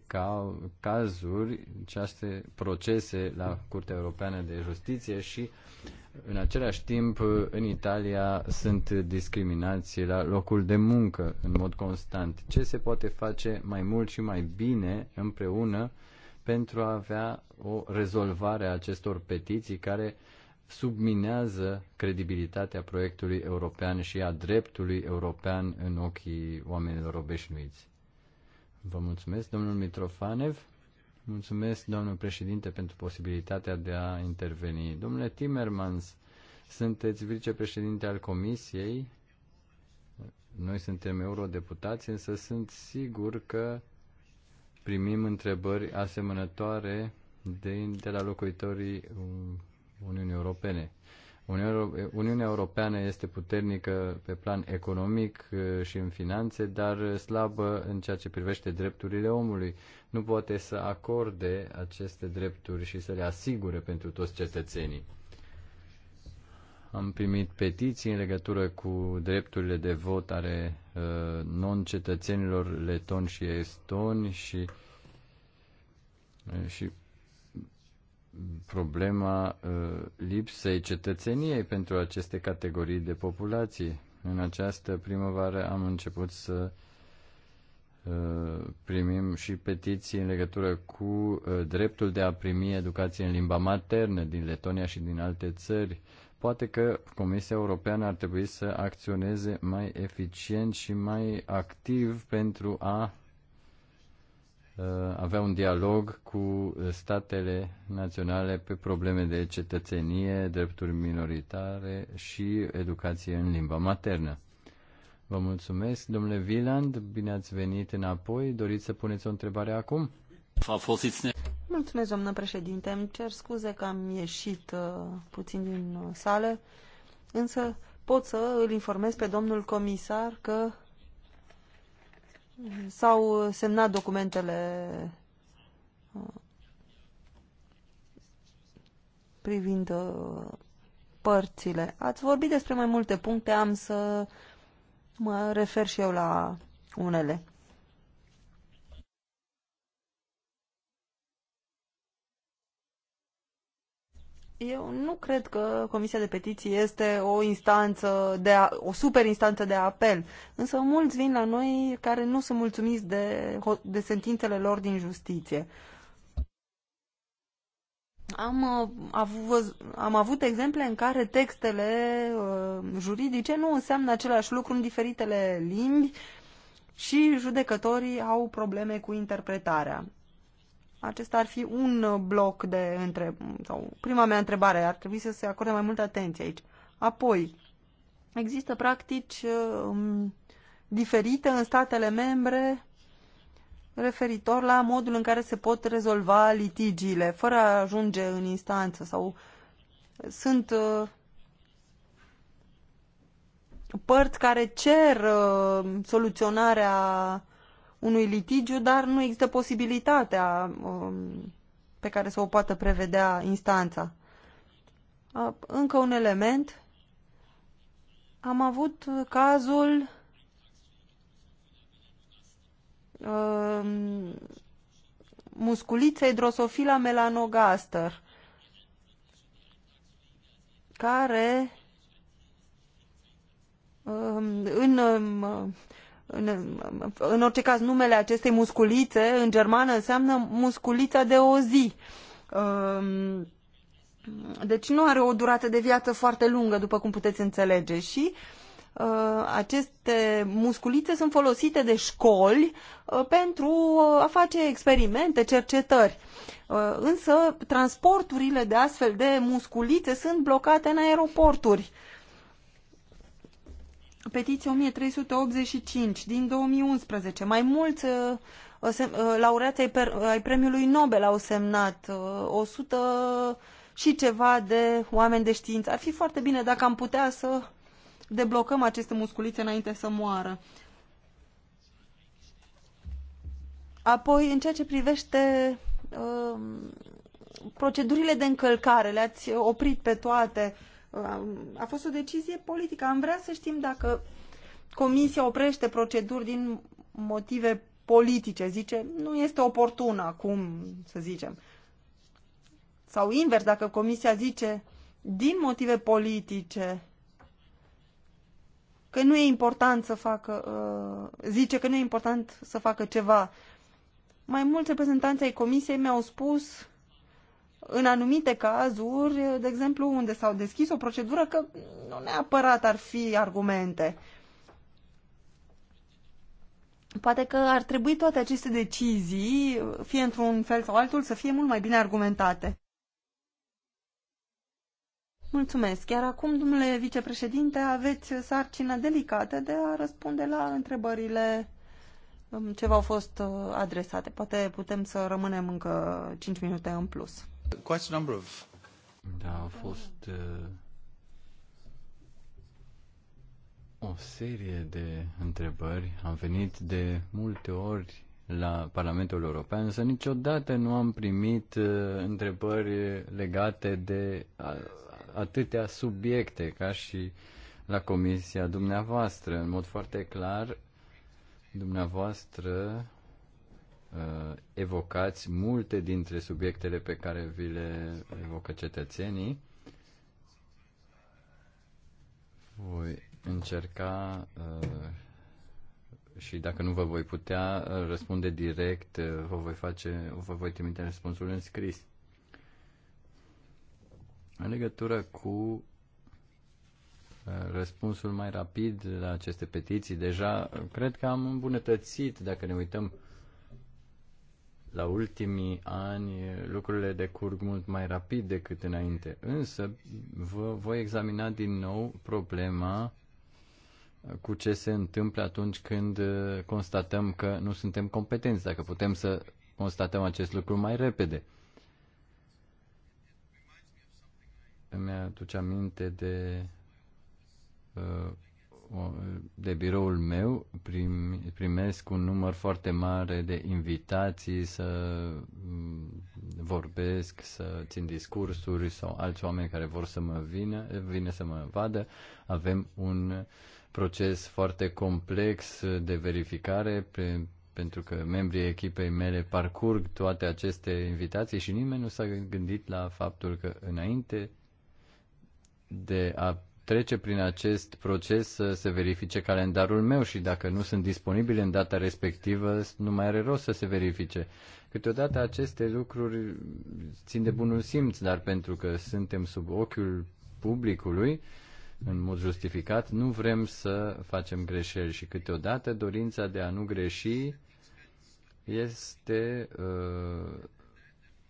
cazuri, șase procese la Curtea Europeană de Justiție și în același timp în Italia sunt discriminații la locul de muncă în mod constant. Ce se poate face mai mult și mai bine împreună pentru a avea o rezolvare a acestor petiții care uh, subminează credibilitatea proiectului european și a dreptului european în ochii oamenilor obișnuiți. Vă mulțumesc, domnul Mitrofanev. Mulțumesc, domnul președinte, pentru posibilitatea de a interveni. Domnule Timmermans, sunteți vicepreședinte al Comisiei. Noi suntem eurodeputați, însă sunt sigur că primim întrebări asemănătoare de, de la locuitorii Uniunii Europene. Uniunea Europeană este puternică pe plan economic și în finanțe, dar slabă în ceea ce privește drepturile omului. Nu poate să acorde aceste drepturi și să le asigure pentru toți cetățenii. Am primit petiții în legătură cu drepturile de vot ale non-cetățenilor letoni și estoni și, și problema uh, lipsei cetățeniei pentru aceste categorii de populație. În această primăvară am început să uh, primim și petiții în legătură cu uh, dreptul de a primi educație în limba maternă din Letonia și din alte țări. Poate că Comisia Europeană ar trebui să acționeze mai eficient și mai activ pentru a Uh, avea un dialog cu statele naționale pe probleme de cetățenie, drepturi minoritare și educație în limba maternă. Vă mulțumesc, domnule Viland, bine ați venit înapoi. Doriți să puneți o întrebare acum? Mulțumesc, doamnă președinte. Îmi cer scuze că am ieșit uh, puțin din sală, însă pot să îl informez pe domnul comisar că s-au semnat documentele uh, privind uh, părțile. Ați vorbit despre mai multe puncte, am să mă refer și eu la unele. Eu nu cred că Comisia de Petiții este o instanță de a, o super instanță de apel, însă mulți vin la noi care nu sunt mulțumiți de, de sentințele lor din justiție. Am, uh, avuz, am avut exemple în care textele uh, juridice nu înseamnă același lucru în diferitele limbi și judecătorii au probleme cu interpretarea. Acesta ar fi un uh, bloc de între... sau prima mea întrebare, ar trebui să se acorde mai multă atenție aici. Apoi, există practici uh, um, diferite în statele membre referitor la modul în care se pot rezolva litigiile, fără a ajunge în instanță sau sunt uh, părți care cer soluționarea unui litigiu, dar nu există posibilitatea um, pe care să o poată prevedea instanța. Uh, încă un element. Am avut cazul uh, musculiței drosofila melanogaster, care um, în um, în, orice caz, numele acestei musculițe în germană înseamnă musculița de o zi. Um, deci nu are o durată de viață foarte lungă, după cum puteți înțelege. Și uh, aceste musculițe sunt folosite de școli uh, pentru a face experimente, cercetări. Uh, însă transporturile de astfel de musculițe sunt blocate în aeroporturi petiție 1385 din 2011. Mai mulți uh, uh, uh, laureați ai, ai premiului Nobel au semnat 100 și ceva de oameni de știință. Ar fi foarte bine dacă am putea să deblocăm aceste musculițe înainte să moară. Apoi, în ceea ce privește uh, procedurile de încălcare, le-ați oprit pe toate. Uh, a fost o decizie politică. Am vrea să știm dacă Comisia oprește proceduri din motive politice. Zice, nu este oportun acum, să zicem. Sau invers, dacă Comisia zice, din motive politice, că nu e important să facă, uh, zice că nu e important să facă ceva. Mai mulți reprezentanți ai comisiei mi-au spus în anumite cazuri, de exemplu, unde s-au deschis o procedură, că nu neapărat ar fi argumente. Poate că ar trebui toate aceste decizii, fie într-un fel sau altul, să fie mult mai bine argumentate. Mulțumesc. Iar acum, domnule vicepreședinte, aveți sarcina delicată de a răspunde la întrebările um, ce v-au fost uh, adresate. Poate putem să rămânem încă 5 minute în plus. Quite a Da, au fost uh, o serie de întrebări. Am venit de multe ori la Parlamentul European, însă niciodată nu am primit uh, întrebări legate de a, atâtea subiecte ca și la comisia dumneavoastră. În mod foarte clar, dumneavoastră uh, evocați multe dintre subiectele pe care vi le evocă cetățenii. Voi încerca uh, și dacă nu vă voi putea uh, răspunde direct, uh, vă voi face, vă voi trimite răspunsul în scris. În legătură cu uh, răspunsul mai rapid la aceste petiții, deja cred că am îmbunătățit, dacă ne uităm uh, la ultimii ani lucrurile decurg mult mai rapid decât înainte, însă vă voi examina din nou problema cu ce se întâmplă atunci când uh, constatăm că nu suntem competenți, dacă putem să constatăm acest lucru mai repede. Îmi aduce aminte de uh, de biroul meu prim, primesc un număr foarte mare de invitații să mm, vorbesc, să țin discursuri sau alți oameni care vor să mă vină, vine să mă vadă. Avem un proces foarte complex de verificare pe, pentru că membrii echipei mele parcurg toate aceste invitații și nimeni nu s-a gândit la faptul că înainte de a trece prin acest proces să se verifice calendarul meu și dacă nu sunt disponibile în data respectivă, nu mai are rost să se verifice. Câteodată aceste lucruri țin de bunul simț, dar pentru că suntem sub ochiul publicului, în mod justificat, nu vrem să facem greșeli și câteodată dorința de a nu greși este uh,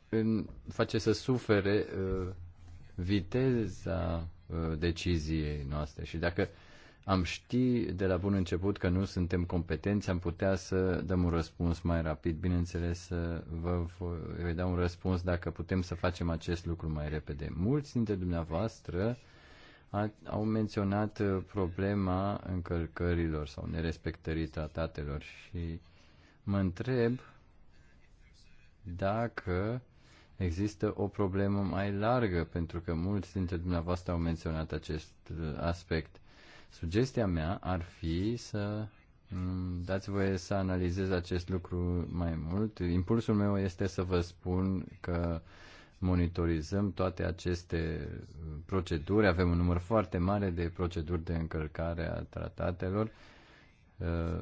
în, face să sufere uh, viteza Uh, deciziei noastre. Și dacă am ști de la bun început că nu suntem competenți, am putea să dăm un răspuns mai rapid. Bineînțeles, vă voi da un răspuns dacă putem să facem acest lucru mai repede. Mulți dintre dumneavoastră a, au menționat uh, problema încălcărilor sau nerespectării tratatelor și mă întreb dacă există o problemă mai largă, pentru că mulți dintre dumneavoastră au menționat acest uh, aspect. Sugestia mea ar fi să mm, dați voie să analizez acest lucru mai mult. Impulsul meu este să vă spun că monitorizăm toate aceste uh, proceduri, avem un număr foarte mare de proceduri de încălcare a tratatelor uh,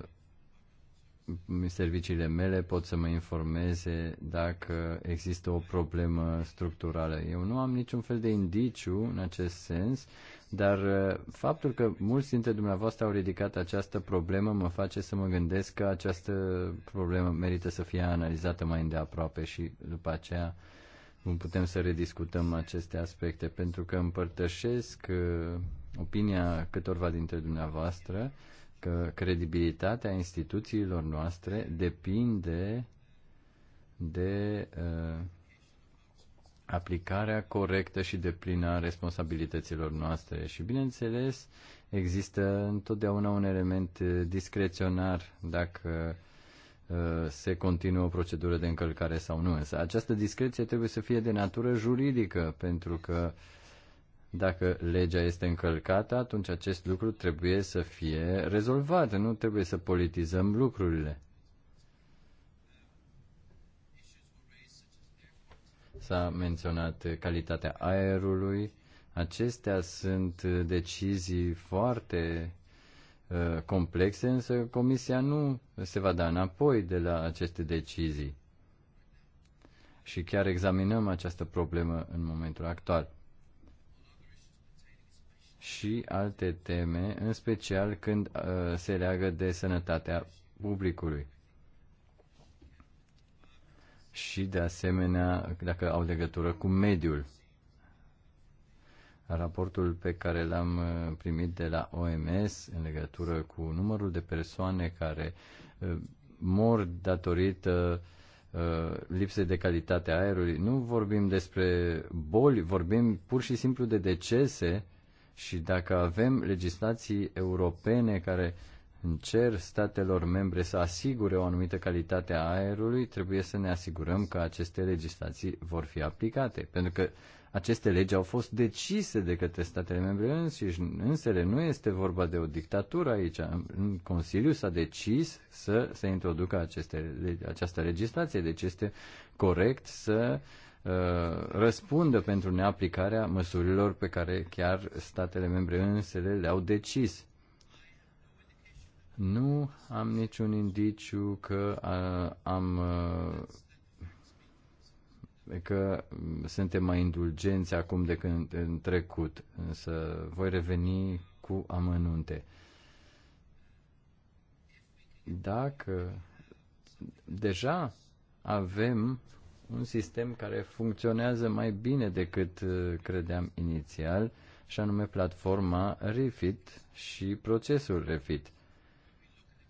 serviciile mele pot să mă informeze dacă există o problemă structurală. Eu nu am niciun fel de indiciu în acest sens, dar uh, faptul că mulți dintre dumneavoastră au ridicat această problemă mă face să mă gândesc că această problemă merită să fie analizată mai îndeaproape și după aceea nu putem să rediscutăm aceste aspecte, pentru că împărtășesc uh, opinia câtorva dintre dumneavoastră că credibilitatea instituțiilor noastre depinde de uh, aplicarea corectă și de plină a responsabilităților noastre. Și, bineînțeles, există întotdeauna un element uh, discreționar dacă uh, se continuă o procedură de încălcare sau nu. Însă această discreție trebuie să fie de natură juridică, pentru că uh, dacă legea este încălcată, atunci acest lucru trebuie să fie rezolvat, nu trebuie să politizăm lucrurile. S-a menționat calitatea aerului. Acestea sunt decizii foarte uh, complexe, însă Comisia nu se va da înapoi de la aceste decizii. Și chiar examinăm această problemă în momentul actual și alte teme, în special când uh, se leagă de sănătatea publicului. Și, de asemenea, dacă au legătură cu mediul. Raportul pe care l-am uh, primit de la OMS în legătură cu numărul de persoane care uh, mor datorită lipse uh, lipsei de calitate a aerului. Nu vorbim despre boli, vorbim pur și simplu de decese și dacă avem legislații europene care cer statelor membre să asigure o anumită calitate a aerului, trebuie să ne asigurăm că aceste legislații vor fi aplicate. Pentru că aceste legi au fost decise de către statele membre și însele. Nu este vorba de o dictatură aici. În Consiliu s-a decis să se introducă aceste, această legislație, deci este corect să uh, Uh, răspundă pentru neaplicarea măsurilor pe care chiar statele membre însele le-au decis. Nu am niciun indiciu că uh, am uh, că suntem mai indulgenți acum decât în, în trecut, însă voi reveni cu amănunte. Dacă deja avem un sistem care funcționează mai bine decât uh, credeam inițial, și anume platforma Refit și procesul Refit.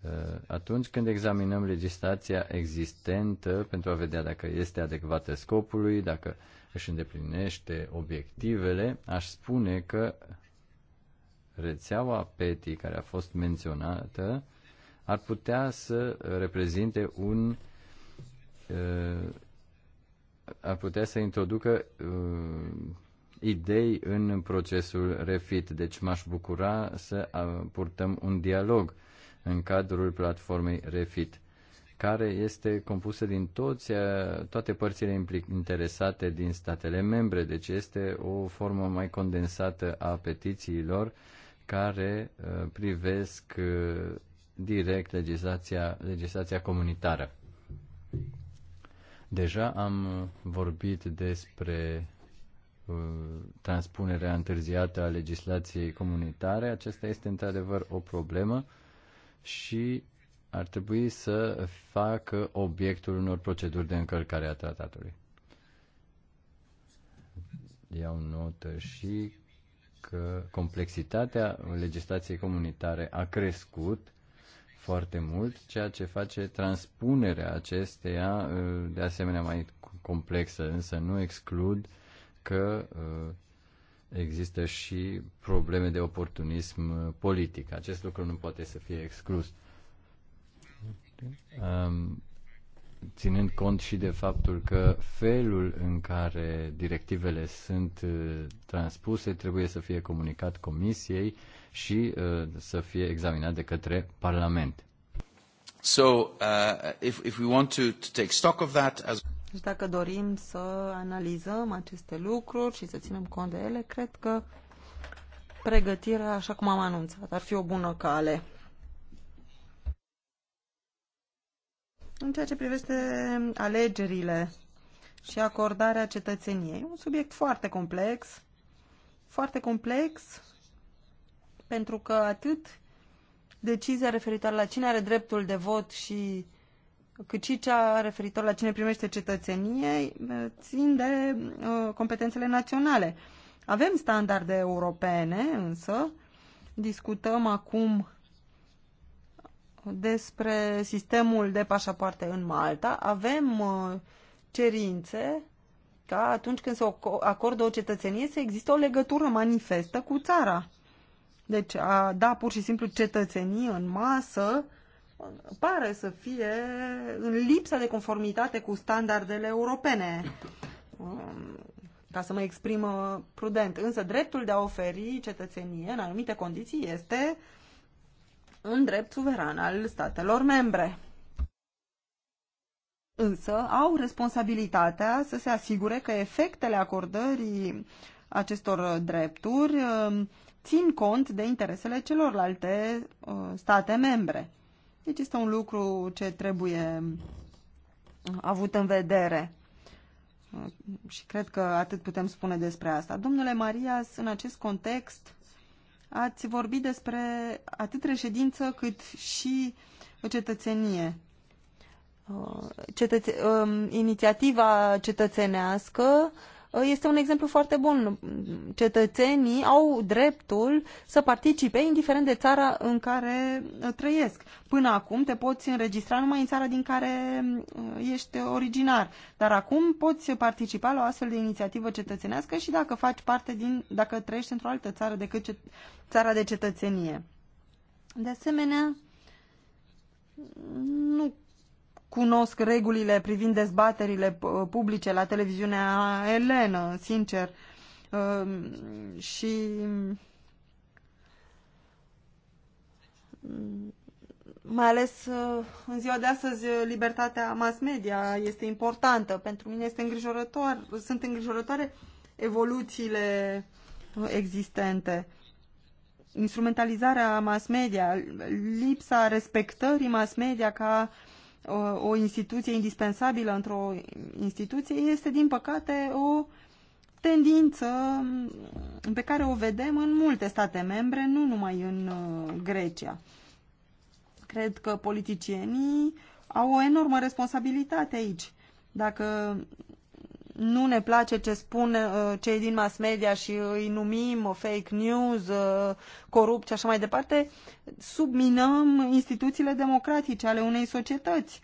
Uh, atunci când examinăm legislația existentă pentru a vedea dacă este adecvată scopului, dacă își îndeplinește obiectivele, aș spune că rețeaua PETI care a fost menționată ar putea să reprezinte un uh, ar putea să introducă uh, idei în procesul refit. Deci m-aș bucura să uh, purtăm un dialog în cadrul platformei refit care este compusă din toți, uh, toate părțile interesate din statele membre. Deci este o formă mai condensată a petițiilor care uh, privesc direct legislația, legislația comunitară. Deja am uh, vorbit despre uh, transpunerea întârziată a legislației comunitare. Aceasta este într-adevăr o problemă și ar trebui să facă obiectul unor proceduri de încălcare a tratatului. Iau notă și că complexitatea legislației comunitare a crescut foarte mult, ceea ce face transpunerea acesteia uh, de asemenea mai complexă, însă nu exclud că uh, există și probleme de oportunism uh, politic. Acest lucru nu poate să fie exclus. Um, ținând cont și de faptul că felul în care directivele sunt uh, transpuse trebuie să fie comunicat Comisiei și uh, să fie examinat de către Parlament. So, uh, if, if we want to, to take stock of that as deci dacă dorim să analizăm aceste lucruri și să ținem cont de ele, cred că pregătirea, așa cum am anunțat, ar fi o bună cale. În ceea ce privește alegerile și acordarea cetățeniei, un subiect foarte complex, foarte complex pentru că atât decizia referitoare la cine are dreptul de vot și cât și cea referitor la cine primește cetățenie țin de uh, competențele naționale. Avem standarde europene, însă discutăm acum despre sistemul de pașapoarte în Malta, avem uh, cerințe ca atunci când se acordă o cetățenie să există o legătură manifestă cu țara. Deci a da pur și simplu cetățenie în masă pare să fie în lipsa de conformitate cu standardele europene, um, ca să mă exprim uh, prudent. Însă dreptul de a oferi cetățenie în anumite condiții este uh, un drept suveran al statelor membre. Însă au responsabilitatea să se asigure că efectele acordării acestor drepturi uh, țin cont de interesele celorlalte uh, state membre. Deci este un lucru ce trebuie uh, avut în vedere. Și cred că atât putem spune despre asta. Domnule Marias, în acest context, ați vorbit despre atât reședință cât și cetățenie. Uh, cetăț um, inițiativa cetățenească uh, Uh, este un exemplu foarte bun. Cetățenii au dreptul să participe, indiferent de țara în care uh, trăiesc. Până acum te poți înregistra numai în țara din care uh, ești originar, dar acum poți participa la o astfel de inițiativă cetățenească și dacă faci parte din, dacă trăiești într-o altă țară decât ce, țara de cetățenie. De asemenea, nu cunosc regulile privind dezbaterile uh, publice la televiziunea Elena, sincer. Um, și mm, mai ales uh, în ziua de astăzi libertatea mass media este importantă. Pentru mine este îngrijorător, sunt îngrijorătoare evoluțiile existente. Instrumentalizarea mass media, lipsa respectării mass media ca uh, o instituție indispensabilă într-o instituție este, din păcate, o tendință pe care o vedem în multe state membre, nu numai în uh, Grecia. Cred că politicienii au o enormă responsabilitate aici. Dacă nu ne place ce spun uh, cei din mass media și îi numim fake news, uh, corupt și așa mai departe, subminăm instituțiile democratice ale unei societăți.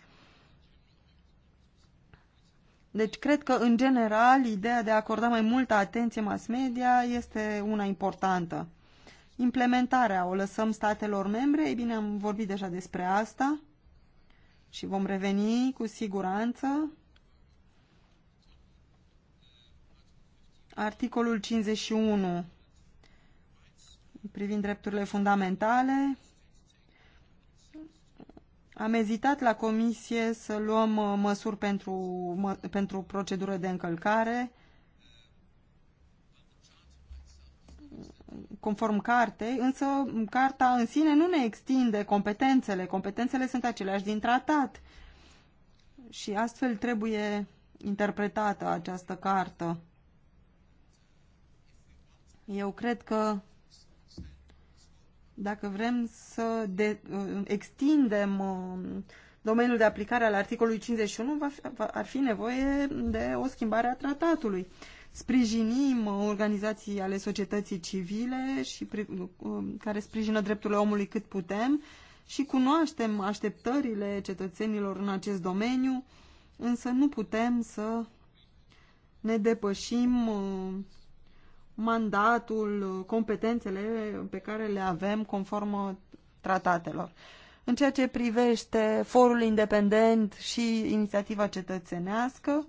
Deci cred că, în general, ideea de a acorda mai multă atenție mass media este una importantă. Implementarea o lăsăm statelor membre, ei bine, am vorbit deja despre asta și vom reveni cu siguranță Articolul 51 privind drepturile fundamentale. Am ezitat la comisie să luăm uh, măsuri pentru, mă, pentru procedură de încălcare. conform cartei, însă carta în sine nu ne extinde competențele. Competențele sunt aceleași din tratat. Și astfel trebuie interpretată această cartă. Eu cred că dacă vrem să de, uh, extindem uh, domeniul de aplicare al articolului 51, va fi, va, ar fi nevoie de o schimbare a tratatului. Sprijinim uh, organizații ale societății civile și um, care sprijină drepturile omului cât putem și cunoaștem așteptările cetățenilor în acest domeniu, însă nu putem să ne depășim mandatul, competențele pe care le avem conform tratatelor. În ceea ce privește forul independent și inițiativa cetățenească,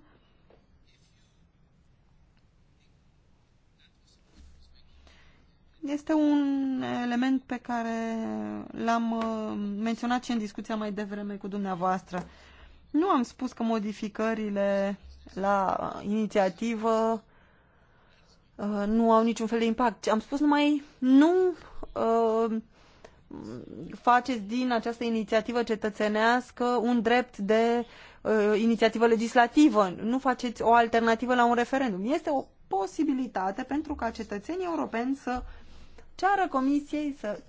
este un element pe care l-am uh, menționat și în discuția mai devreme cu dumneavoastră. Nu am spus că modificările la inițiativă Uh, nu au niciun fel de impact. Am spus numai nu uh, faceți din această inițiativă cetățenească un drept de uh, inițiativă legislativă, nu faceți o alternativă la un referendum. Este o posibilitate pentru ca cetățenii europeni să ceară comisiei să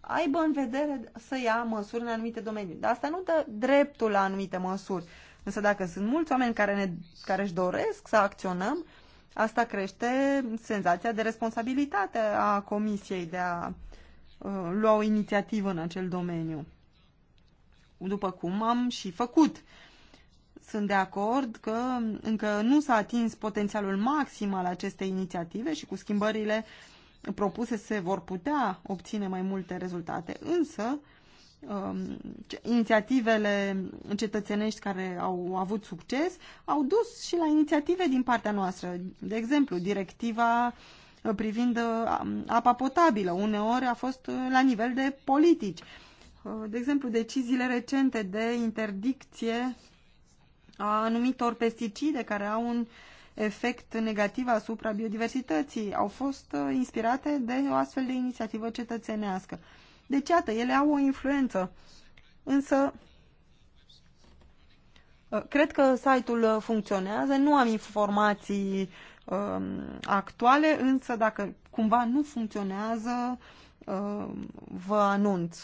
aibă în vedere să ia măsuri în anumite domenii. Dar asta nu dă dreptul la anumite măsuri. Însă dacă sunt mulți oameni care, ne, care își doresc să acționăm, Asta crește senzația de responsabilitate a Comisiei de a uh, lua o inițiativă în acel domeniu. După cum am și făcut. Sunt de acord că încă nu s-a atins potențialul maxim al acestei inițiative și cu schimbările propuse se vor putea obține mai multe rezultate. Însă, uh, Um, inițiativele cetățenești care au avut succes au dus și la inițiative din partea noastră. De exemplu, directiva uh, privind uh, apa potabilă uneori a fost uh, la nivel de politici. De exemplu, deciziile recente de interdicție a anumitor pesticide care au un efect negativ asupra biodiversității au fost inspirate de o astfel de inițiativă cetățenească. Deci, iată, ele au o influență. Însă, uh, cred că site-ul uh, funcționează, nu am informații uh, actuale, însă dacă cumva nu funcționează, uh, vă anunț.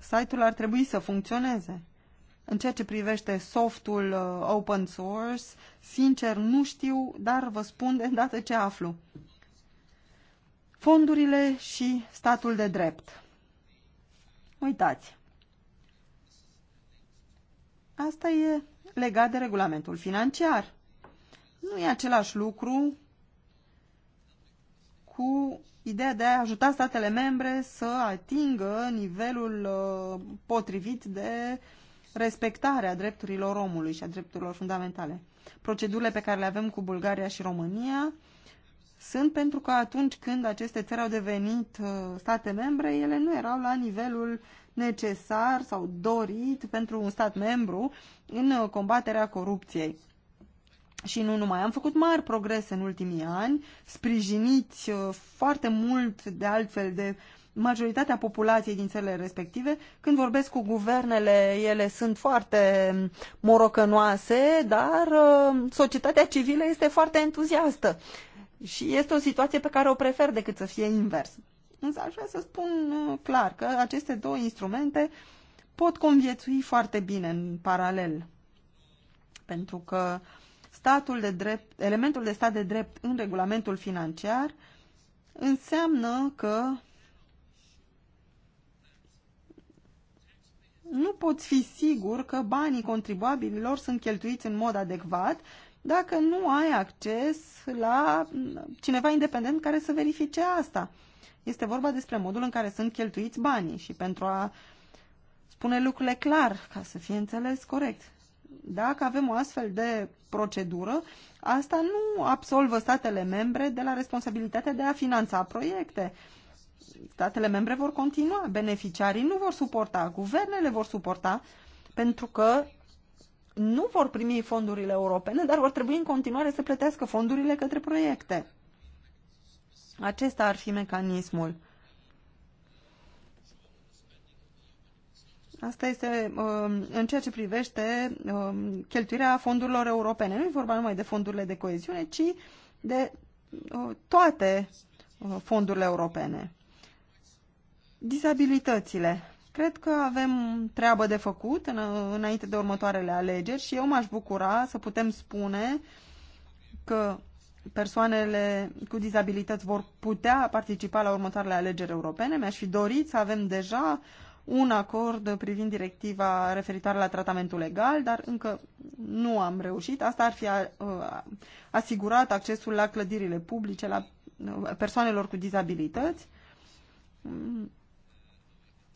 Site-ul ar trebui să funcționeze. În ceea ce privește softul uh, open source, sincer nu știu, dar vă spun de îndată ce aflu. Fondurile și statul de drept. Uitați. Asta e legat de regulamentul financiar. Nu e același lucru cu ideea de a ajuta statele membre să atingă nivelul uh, potrivit de uh, respectarea drepturilor omului și a drepturilor fundamentale. Procedurile pe care le avem cu Bulgaria și România sunt pentru că atunci când aceste țări au devenit uh, state membre, ele nu erau la nivelul necesar sau dorit pentru un stat membru în uh, combaterea corupției. Și nu numai, am făcut mari progrese în ultimii ani, sprijiniți uh, foarte mult de altfel de uh, majoritatea populației din țările respective. Când vorbesc cu guvernele, ele sunt foarte morocănoase, dar uh, societatea civilă este foarte entuziastă. Și este o situație pe care o prefer decât să fie invers. Însă aș vrea să spun uh, clar că aceste două instrumente pot conviețui foarte bine în paralel. Pentru că statul de drept, elementul de stat de drept în regulamentul financiar înseamnă că nu poți fi sigur că banii contribuabililor sunt cheltuiți în mod adecvat dacă nu ai acces la cineva independent care să verifice asta. Este vorba despre modul în care sunt cheltuiți banii și pentru a spune lucrurile clar, ca să fie înțeles corect. Dacă avem o astfel de procedură, asta nu absolvă statele membre de la responsabilitatea de a finanța proiecte statele membre vor continua, beneficiarii nu vor suporta, guvernele vor suporta, pentru că nu vor primi fondurile europene, dar vor trebui în continuare să plătească fondurile către proiecte. Acesta ar fi mecanismul. Asta este um, în ceea ce privește um, cheltuirea fondurilor europene. Nu e vorba numai de fondurile de coeziune, ci de uh, toate uh, fondurile europene. Dizabilitățile. Cred că avem treabă de făcut în, înainte de următoarele alegeri și eu m-aș bucura să putem spune că persoanele cu dizabilități vor putea participa la următoarele alegeri europene. Mi-aș fi dorit să avem deja un acord privind directiva referitoare la tratamentul legal, dar încă nu am reușit. Asta ar fi uh, asigurat accesul la clădirile publice, la uh, persoanelor cu dizabilități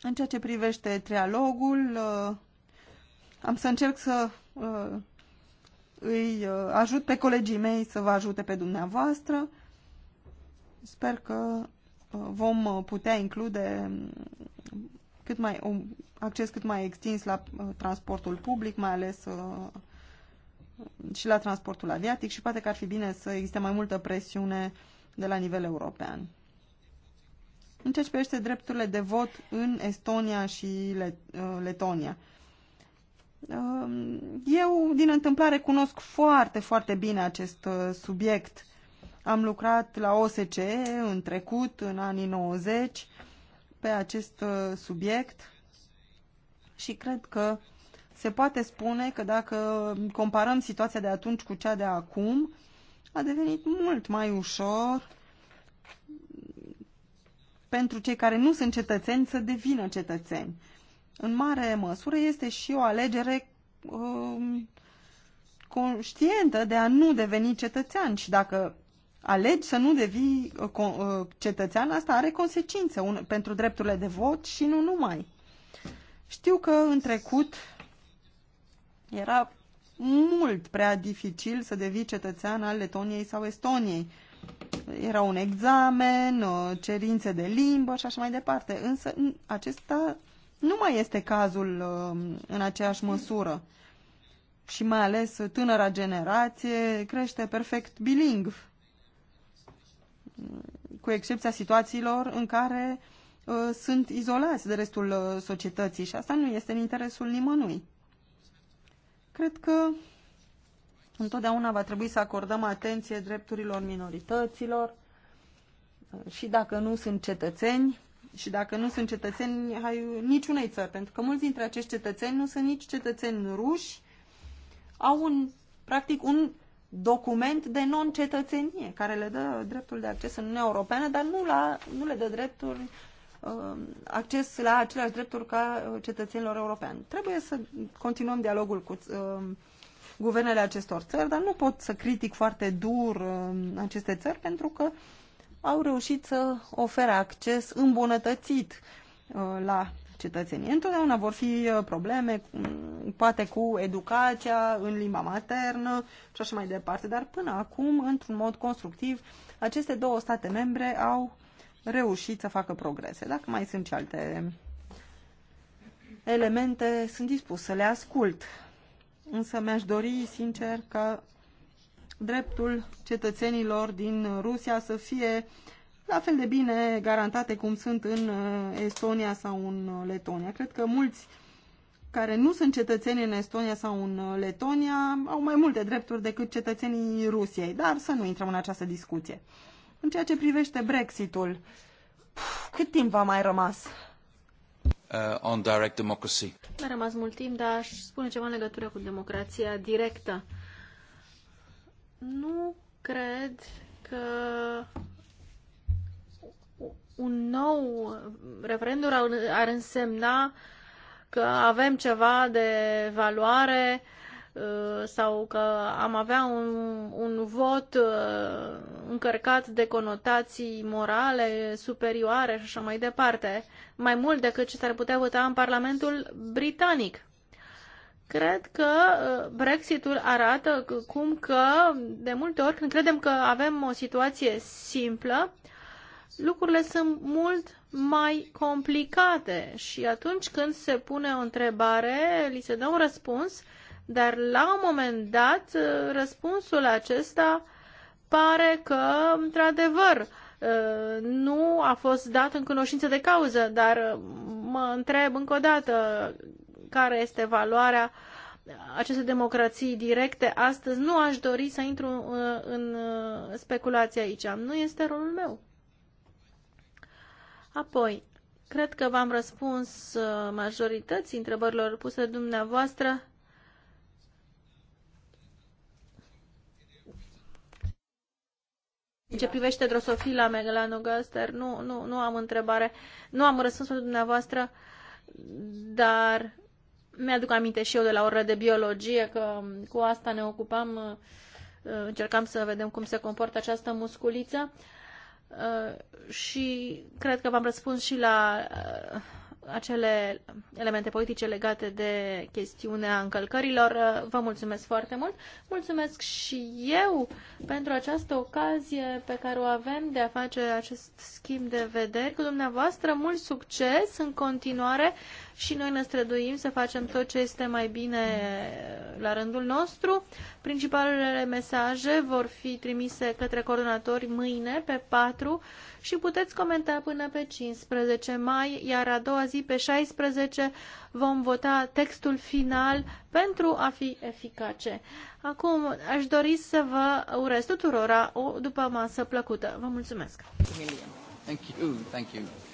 în ceea ce privește trialogul, uh, am să încerc să uh, îi uh, ajut pe colegii mei să vă ajute pe dumneavoastră. Sper că vom putea include mm, cât mai, un acces cât mai extins la transportul public, mai ales și la transportul aviatic și poate că ar fi bine să existe mai multă presiune de la nivel european. În ceea ce privește drepturile de vot în Estonia și uh, Letonia. Uh, eu, din întâmplare, cunosc foarte, foarte bine acest uh, subiect. Am lucrat la OSCE în trecut, în anii 90, pe acest subiect și cred că se poate spune că dacă comparăm situația de atunci cu cea de acum, a devenit mult mai ușor pentru cei care nu sunt cetățeni să devină cetățeni. În mare măsură este și o alegere um, conștientă de a nu deveni cetățean și dacă alegi să nu devii uh, uh, cetățean, asta are consecințe pentru drepturile de vot și nu numai. Știu că în trecut era mult prea dificil să devii cetățean al Letoniei sau Estoniei era un examen, cerințe de limbă și așa mai departe. Însă acesta nu mai este cazul um, în aceeași măsură. Și mai ales tânăra generație crește perfect bilingv, cu excepția situațiilor în care uh, sunt izolați de restul uh, societății și asta nu este în interesul nimănui. Cred că Întotdeauna va trebui să acordăm atenție drepturilor minorităților și dacă nu sunt cetățeni, și dacă nu sunt cetățeni ai niciunei țări, pentru că mulți dintre acești cetățeni nu sunt nici cetățeni ruși, au un, practic un document de non-cetățenie care le dă dreptul de acces în Uniunea Europeană, dar nu, la, nu le dă dreptul um, acces la aceleași drepturi ca uh, cetățenilor europeni. Trebuie să continuăm dialogul cu um, guvernele acestor țări, dar nu pot să critic foarte dur um, aceste țări pentru că au reușit să ofere acces îmbunătățit uh, la cetățenii. Întotdeauna vor fi uh, probleme, um, poate cu educația în limba maternă și așa mai departe, dar până acum, într-un mod constructiv, aceste două state membre au reușit să facă progrese. Dacă mai sunt și alte elemente, sunt dispus să le ascult însă mi-aș dori, sincer, ca dreptul cetățenilor din Rusia să fie la fel de bine garantate cum sunt în uh, Estonia sau în uh, Letonia. Cred că mulți care nu sunt cetățeni în Estonia sau în uh, Letonia au mai multe drepturi decât cetățenii Rusiei, dar să nu intrăm în această discuție. În ceea ce privește Brexitul, cât timp va mai rămas? uh, on direct democracy. a rămas mult timp, dar aș spune ceva în legătură cu democrația directă. Nu cred că un nou referendum ar însemna că avem ceva de valoare uh, sau că am avea un, un vot uh, încărcat de conotații morale superioare și așa mai departe, mai mult decât ce s-ar putea vota în Parlamentul Britanic. Cred că uh, Brexitul arată cum că, de multe ori, când credem că avem o situație simplă, lucrurile sunt mult mai complicate și atunci când se pune o întrebare, li se dă un răspuns, dar la un moment dat uh, răspunsul acesta pare că, într-adevăr, ă, nu a fost dat în cunoștință de cauză, dar ă, mă întreb încă o dată care este valoarea aceste democrații directe astăzi, nu aș dori să intru ă, în, în speculație aici. Nu este rolul meu. Apoi, cred că v-am răspuns majorității întrebărilor puse de dumneavoastră. În ce privește drosofila megalanogaster, nu, nu, nu am întrebare, nu am răspunsul dumneavoastră, dar mi-aduc aminte și eu de la ora de biologie că cu asta ne ocupam, uh, încercam să vedem cum se comportă această musculiță uh, și cred că v-am răspuns și la uh, acele elemente politice legate de chestiunea încălcărilor. Vă mulțumesc foarte mult. Mulțumesc și eu pentru această ocazie pe care o avem de a face acest schimb de vederi cu dumneavoastră. Mult succes în continuare și noi ne străduim să facem tot ce este mai bine la rândul nostru. Principalele mesaje vor fi trimise către coordonatori mâine pe 4 și puteți comenta până pe 15 mai, iar a doua zi pe 16 vom vota textul final pentru a fi eficace. Acum aș dori să vă urez tuturora o după masă plăcută. Vă mulțumesc! Thank you, thank you.